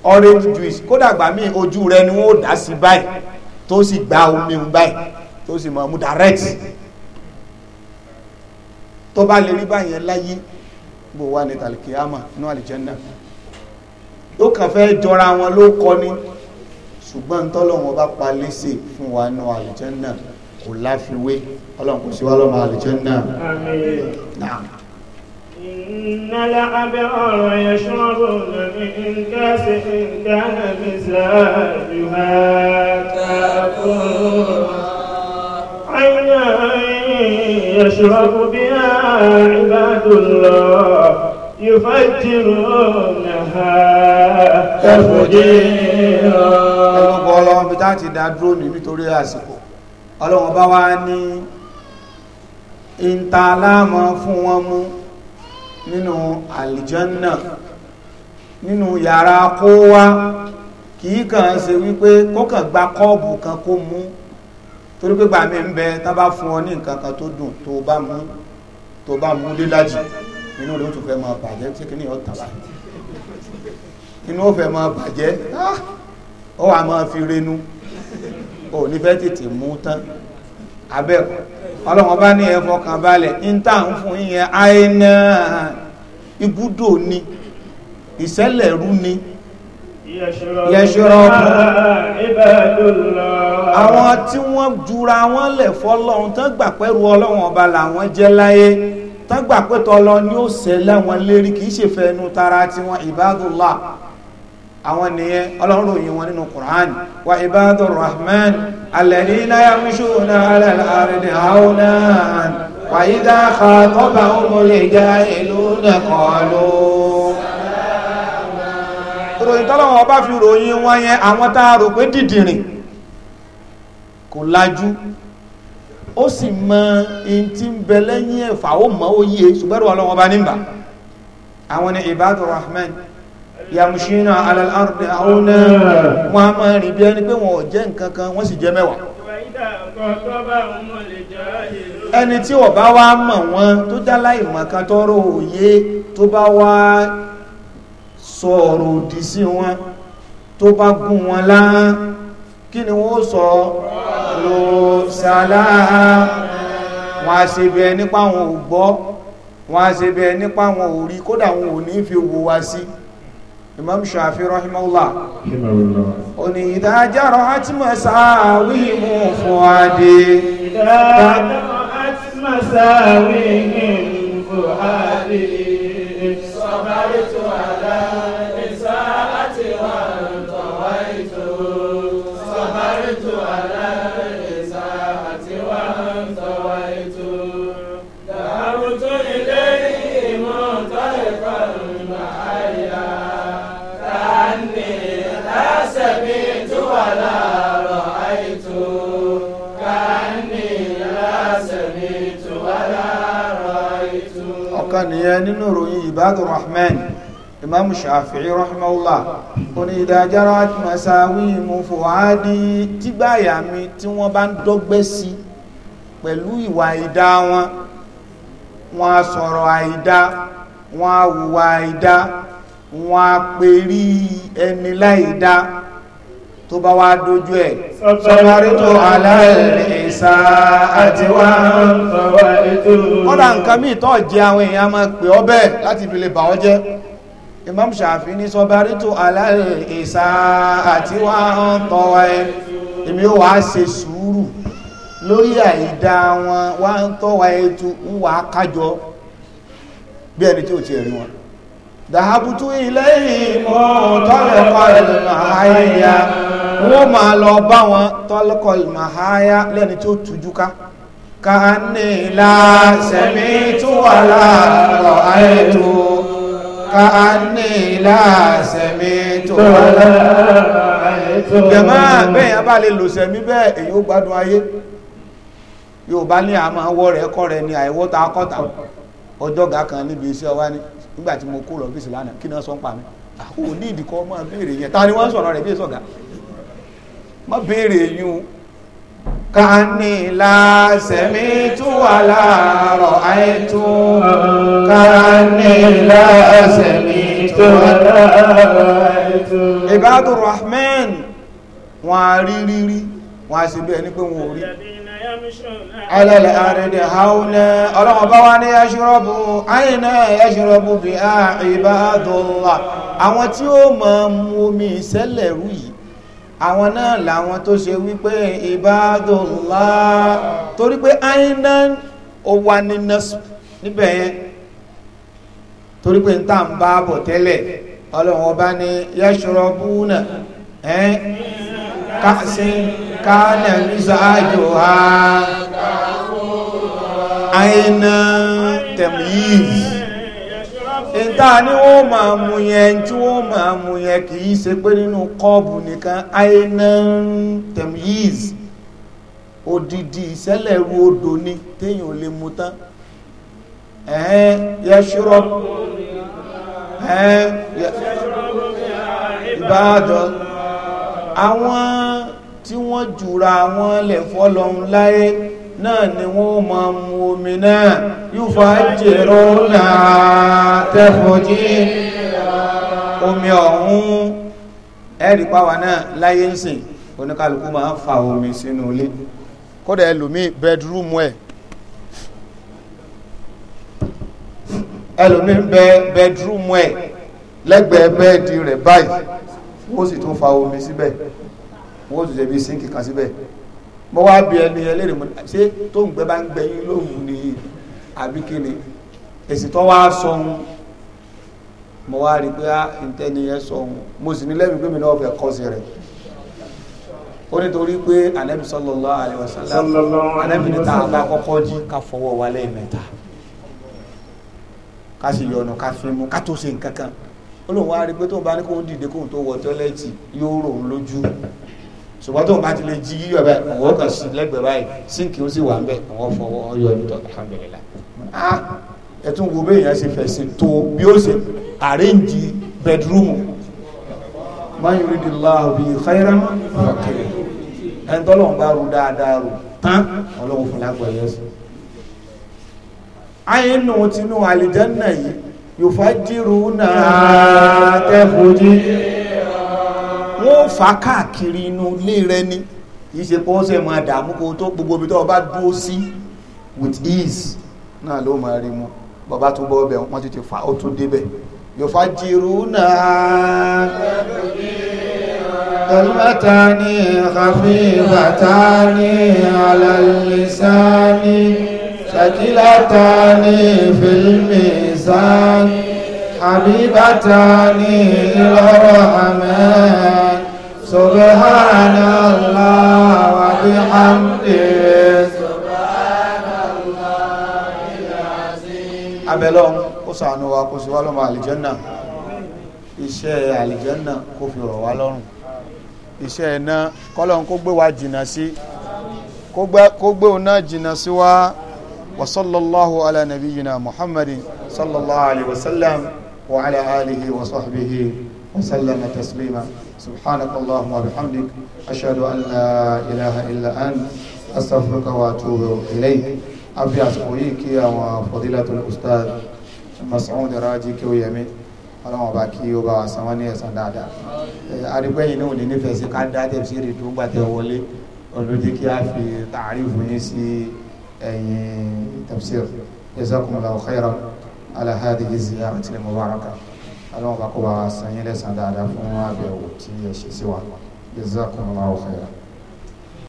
orange juice kódà gbà mí ojú rẹ ni wọ́n dá sí báyìí tó sì gba omi báyìí tó sì mọ̀ mu direct tó bá lè rí báyẹn láyé bó wà ní tàlìkìyàmà ní àlìjẹ́ndà ó kàn fẹ́ jọra wọn ló kọ ní ṣùgbọ́n tọ́lọ́wọ́n bá pa léṣe fún wa ní àlìjẹ́ndà kò láfiwé ọlọ́run kò sí wá lọ́mọ àlìjẹ́ndà إن الأبرار يشربون من كاس كان مزاجها كافورا عينا يشرب بها عباد الله يفجرونها تفجيرا ẹgbọ́n ọlọ́run bí táà ti dá dúró ní nítorí àsìkò ọlọ́run bá nínú àlìjánà nínú yàrá kó wá kìí kàn ṣe wípé kó kàn gba kọ́ọ̀bù kan kó mú torí pé gbàmí ń bẹ tá bá fún ọ ní nǹkan kan tó dùn tó bá mú tó bá mú dé lájì inú rẹ̀ ó tún fẹ́ máa bàjẹ́ tí kìíní ọ̀tà bá inú ó fẹ́ máa bàjẹ́ ah! ó wà máa fi renu ò ní fẹ́ tètè mú tán abẹ́ẹ̀kọ́ ọlọ́run ọba ní ẹ̀fọ́ kan balẹ̀ ń tà ń fún yíyan àìnà ibùdó ni ìṣẹ̀lẹ̀rú ni yẹ̀ṣọ́rọ̀ àwọn tí wọ́n jura wọn lẹ̀ fọ́lọ́run tán gbà pẹ́rù ọlọ́run ọba làwọn jẹ́ láyé tán gbà pẹ́tọ́ lọ ni ó ṣẹ láwọn lérí kìí ṣe fẹnu tara tiwọn ibadullah àwọn nìyẹn ọlọ́run ròyìn wọn nínú Qur'an wa ibadur rahman الذين يمشون على الأرض هونا وإذا خاطبهم الجاهلون قالوا ìròyìn tọ́lọ́wọ́ ọba fi ròyìn wọn yẹn àwọn tá pé dìdìrìn kò lajú ó sì mọ in tí ń bẹ lẹ́yìn ẹ̀fà ó mọ́ ó yíye ọlọ́wọ́ ọba nígbà àwọn ni ibadu rahman yàmùsínà alàlárùn àwọn wọn a máa rìn bí ẹni pé wọn ò jẹ́ nǹkan kan wọ́n sì jẹ́ mẹ́wàá ẹni tí ó bá wá mọ̀ wọn tó dálá ìmọ̀kan tọ́rọ òye tó bá wá sọ̀rọ̀ òdì sí wọn tó bá gún wọn láhán kí ni wọ́n sọ lò sàláhá wọ́n a ṣe bẹ̀ nípa wọn ò gbọ́ wọ́n a ṣe bẹ̀ nípa wọn ò rí kódà wọn ò ní fi wò wá sí i imam shafi rahimahullah ó ní ìdájà rọ́hátì masáwí mú fún adé. ìdájà rọ́hátì masáwí mú fún adé. sọ̀bárí tó àdá ìsá àti wà tọ̀wá ìtò. mẹ́fà nìyẹn nínú ìròyìn ibadur rahman imam shafi'i rahimahullah ó ní ìdájára masawi mufuadi tígbàyà mi tí wọ́n bá ń dọ́gbẹ́ sí pẹ̀lú ìwà ìdá wọn wọn a sọ̀rọ̀ àìdá wọn a hùwà àìdá wọn a pèrí ẹni tó bá wá dojú ẹ̀ sọ́bárítọ̀ aláìrẹ̀ nìsa àti wà ń tọwọ́ ètò. kọ́dà nǹkan míì tó jẹ àwọn èèyàn máa pè ọ́ bẹ́ẹ̀ láti fi lè bà ọ́ jẹ́ imam ṣàfi ní sọbarí tó aláìlè ìsà àti wà ń tọwọ́ ẹ èmi ó wàá ṣe sùúrù lórí àìdá wọn wà ń tọwọ́ ètò ń wà á kájọ bí ẹni tí ò tiẹ̀ rí wọn dàhábùtú ilé ìmọ̀ tọ́lẹ̀kọ́ ẹ̀lẹ́nà àyíyá wọ́n máa lọ bá wọn tọ́lọ́kọ̀ ìmàháyá lẹ́ni tó tújú ká ká ní ìlà sẹ̀mí tó wà láàrọ̀ àìtó ká ní ìlà sẹ̀mí tó wà láàrọ̀ àìtó jẹ̀mọ́ bẹ́ẹ̀ yẹn bá lè lò sẹ̀mí bẹ́ẹ̀ èyí ó gbádùn ayé yóò bá ní àmọ́ wọ́ rẹ̀ kọ́ rẹ̀ ni àìwọ́ ta kọ́ta ọjọ́ ga kan níbi iṣẹ́ wa ní nígbà tí mo kó lọ́fíìsì lánàá kí náà sọ ń pa mi àwọn onídìí kọ́ máa béèrè yẹn ta ni wọ́n sọ̀rọ̀ rẹ̀ bí èso ọ̀gá má béèrè yún kani la sẹ̀mí tú wà láàárọ̀ àìtú kani la sẹ̀mí tú wà láàárọ̀ àìtú. ibadu rahman wọn a rí rírí wọn a sì bí ẹni pé wọn rí alẹ́lẹ̀ àrẹ̀dẹ̀ haúnẹ́ ọlọ́wọ́ wá ní yashrabu àyìnà yashrabu bí i ibadullah àwọn tí ó mọ̀ mú omi ìṣẹ́lẹ̀ yìí àwọn náà làwọn tó ṣe wípé ibadullah torí pé ainan ó wà ní nọ́ọ̀sì níbẹ̀ yẹn torí pé n tà ń bá bọ̀ tẹ́lẹ̀ ọlọ́run ọba ní yashrabuna ẹ́n káàsì káàlẹ̀ mísáájú ha ainan tẹ̀míyìí ìta ni wọ́n máa mú yẹn tí wọ́n máa mú yẹn kì í ṣe pé nínú kọ́ọ̀bù nìkan ainan temyiz odidi ìṣẹ̀lẹ̀ ru odò ni téèyàn ò lè mu tán ẹ̀hẹ́n yẹ́ṣúrọ́ ẹ̀hẹ́n ìbáàdọ́ àwọn tí wọ́n jùra wọn lẹ̀ fọ́lọ́hún láyé náà ni wọ́n ma mú omi náà yúfà jẹ́rọ náà tẹ́fọ́jí omi ọ̀hún ẹ̀rì pàwà náà láyé ń sìn oníkàlùkù máa ń fa omi sínú ilé kódà ẹlòmí bẹẹdúrúmù ẹ̀ ẹlòmí bẹ bẹẹdúrúmù ẹ̀ lẹ́gbẹ̀ẹ́ bẹ́ẹ̀dì rẹ̀ báyìí wọ́n sì tún fa omi síbẹ̀ wọ́n sì tẹ̀bi sínkì kan síbẹ̀ mo wá bí ẹni ẹlẹ́rìí mo ṣé tó ń gbẹ bá ń gbẹyìn lóhùn ni àbí kí ni èsì tó wá sọ ohun mo wá rí pé ah, ntẹ́ni yẹn sọ mo sì ní lẹ́mìí pé mi náà fẹ́ kọ́ rẹ̀ ó nítorí pé anabi sallallahu alaihi wasallam anabi níta àgbà kọ́kọ́ jí ká fọwọ́ wa lẹ́yìn mẹ́ta ká sì yọnu ká fi mu ká tó ṣe nǹkan kan ó lóun wá rí pé tóun bá ní kóun dìde kóun tó wọ tọ́lẹ́ẹ̀tì yóò rò ó lójú ṣùgbọ́n tó ń bá ti lè jí yíyọ bẹ́ẹ̀ wọ́n kàn sí lẹ́gbẹ̀ẹ́ báyìí sínkì ó sì wà ń bẹ̀ wọ́n fọwọ́ yọ ní tọ́ka alhamdulillah ah ẹ̀tún wo bẹ́ẹ̀ yẹn ṣe fẹ̀sìn tó bí ó ṣe àrẹ́ǹjì bẹ́dúrúmù man yuridillahu bihi khairan fàkìrì ẹni tọ́lọ̀ ń bá ru dáadáa rù tán ọlọ́run fún lágbàá yẹn sọ. ayé nù tinú àlìjánná yìí yòfà jírù náà tẹ́ fojú fa káàkiri inú ilé rẹ ni yìí ṣe pé ó ṣe máa dààmú kó tó gbogbo ibi tó o dúró sí with ease náà ló máa rí mu bàbá tún bọ́ ọbẹ̀ wọ́n ti ti fa ó tún débẹ̀ yóò jìrú náà كلمتان خفيفتان على اللسان شكلتان في الميزان حبيبتان إلى الرحمن سبحان الله وبحمده سبحان الله العظيم abẹ́lọ́ kó ṣàánú wa kó sì wá lọ́mọ àlìjẹ́nà iṣẹ́ àlìjẹ́nà kó fi rọ̀ wá lọ́rùn iṣẹ́ iná kọ́lọ́n kó gbé wa jìnnà sí kó gbé òun náà jìnnà sí wa wa sallallahu ala nabiyyina muhammadin sallallahu alaihi wa wa ala alihi wa sahbihi wa sallama taslima. سبحانك اللهم وبحمدك أشهد أن لا إله إلا أنت أستغفرك وأتوب إليك أبي أسقويك يا فضيلة الأستاذ مسعود راجي كويمي ọlọ́wọ́n bá kí ó bá wa sanwó ní ẹ̀sán dáadáa adigbẹ́yìn náà ò ní nífẹ̀ẹ́ sí ká dá tẹ̀síìrì tó ń gbà tẹ̀ wọlé olójú kí a fi tààrífù yín sí ẹ̀yìn tẹ̀síìrì jazakumullahu khairan ala hadhihi ziyarati al-mubarakah ọlọ́run bá kó wa san yín lẹ́san dáadáa fún àbẹ̀wò tí ẹ ṣe sí wa jazakumullahu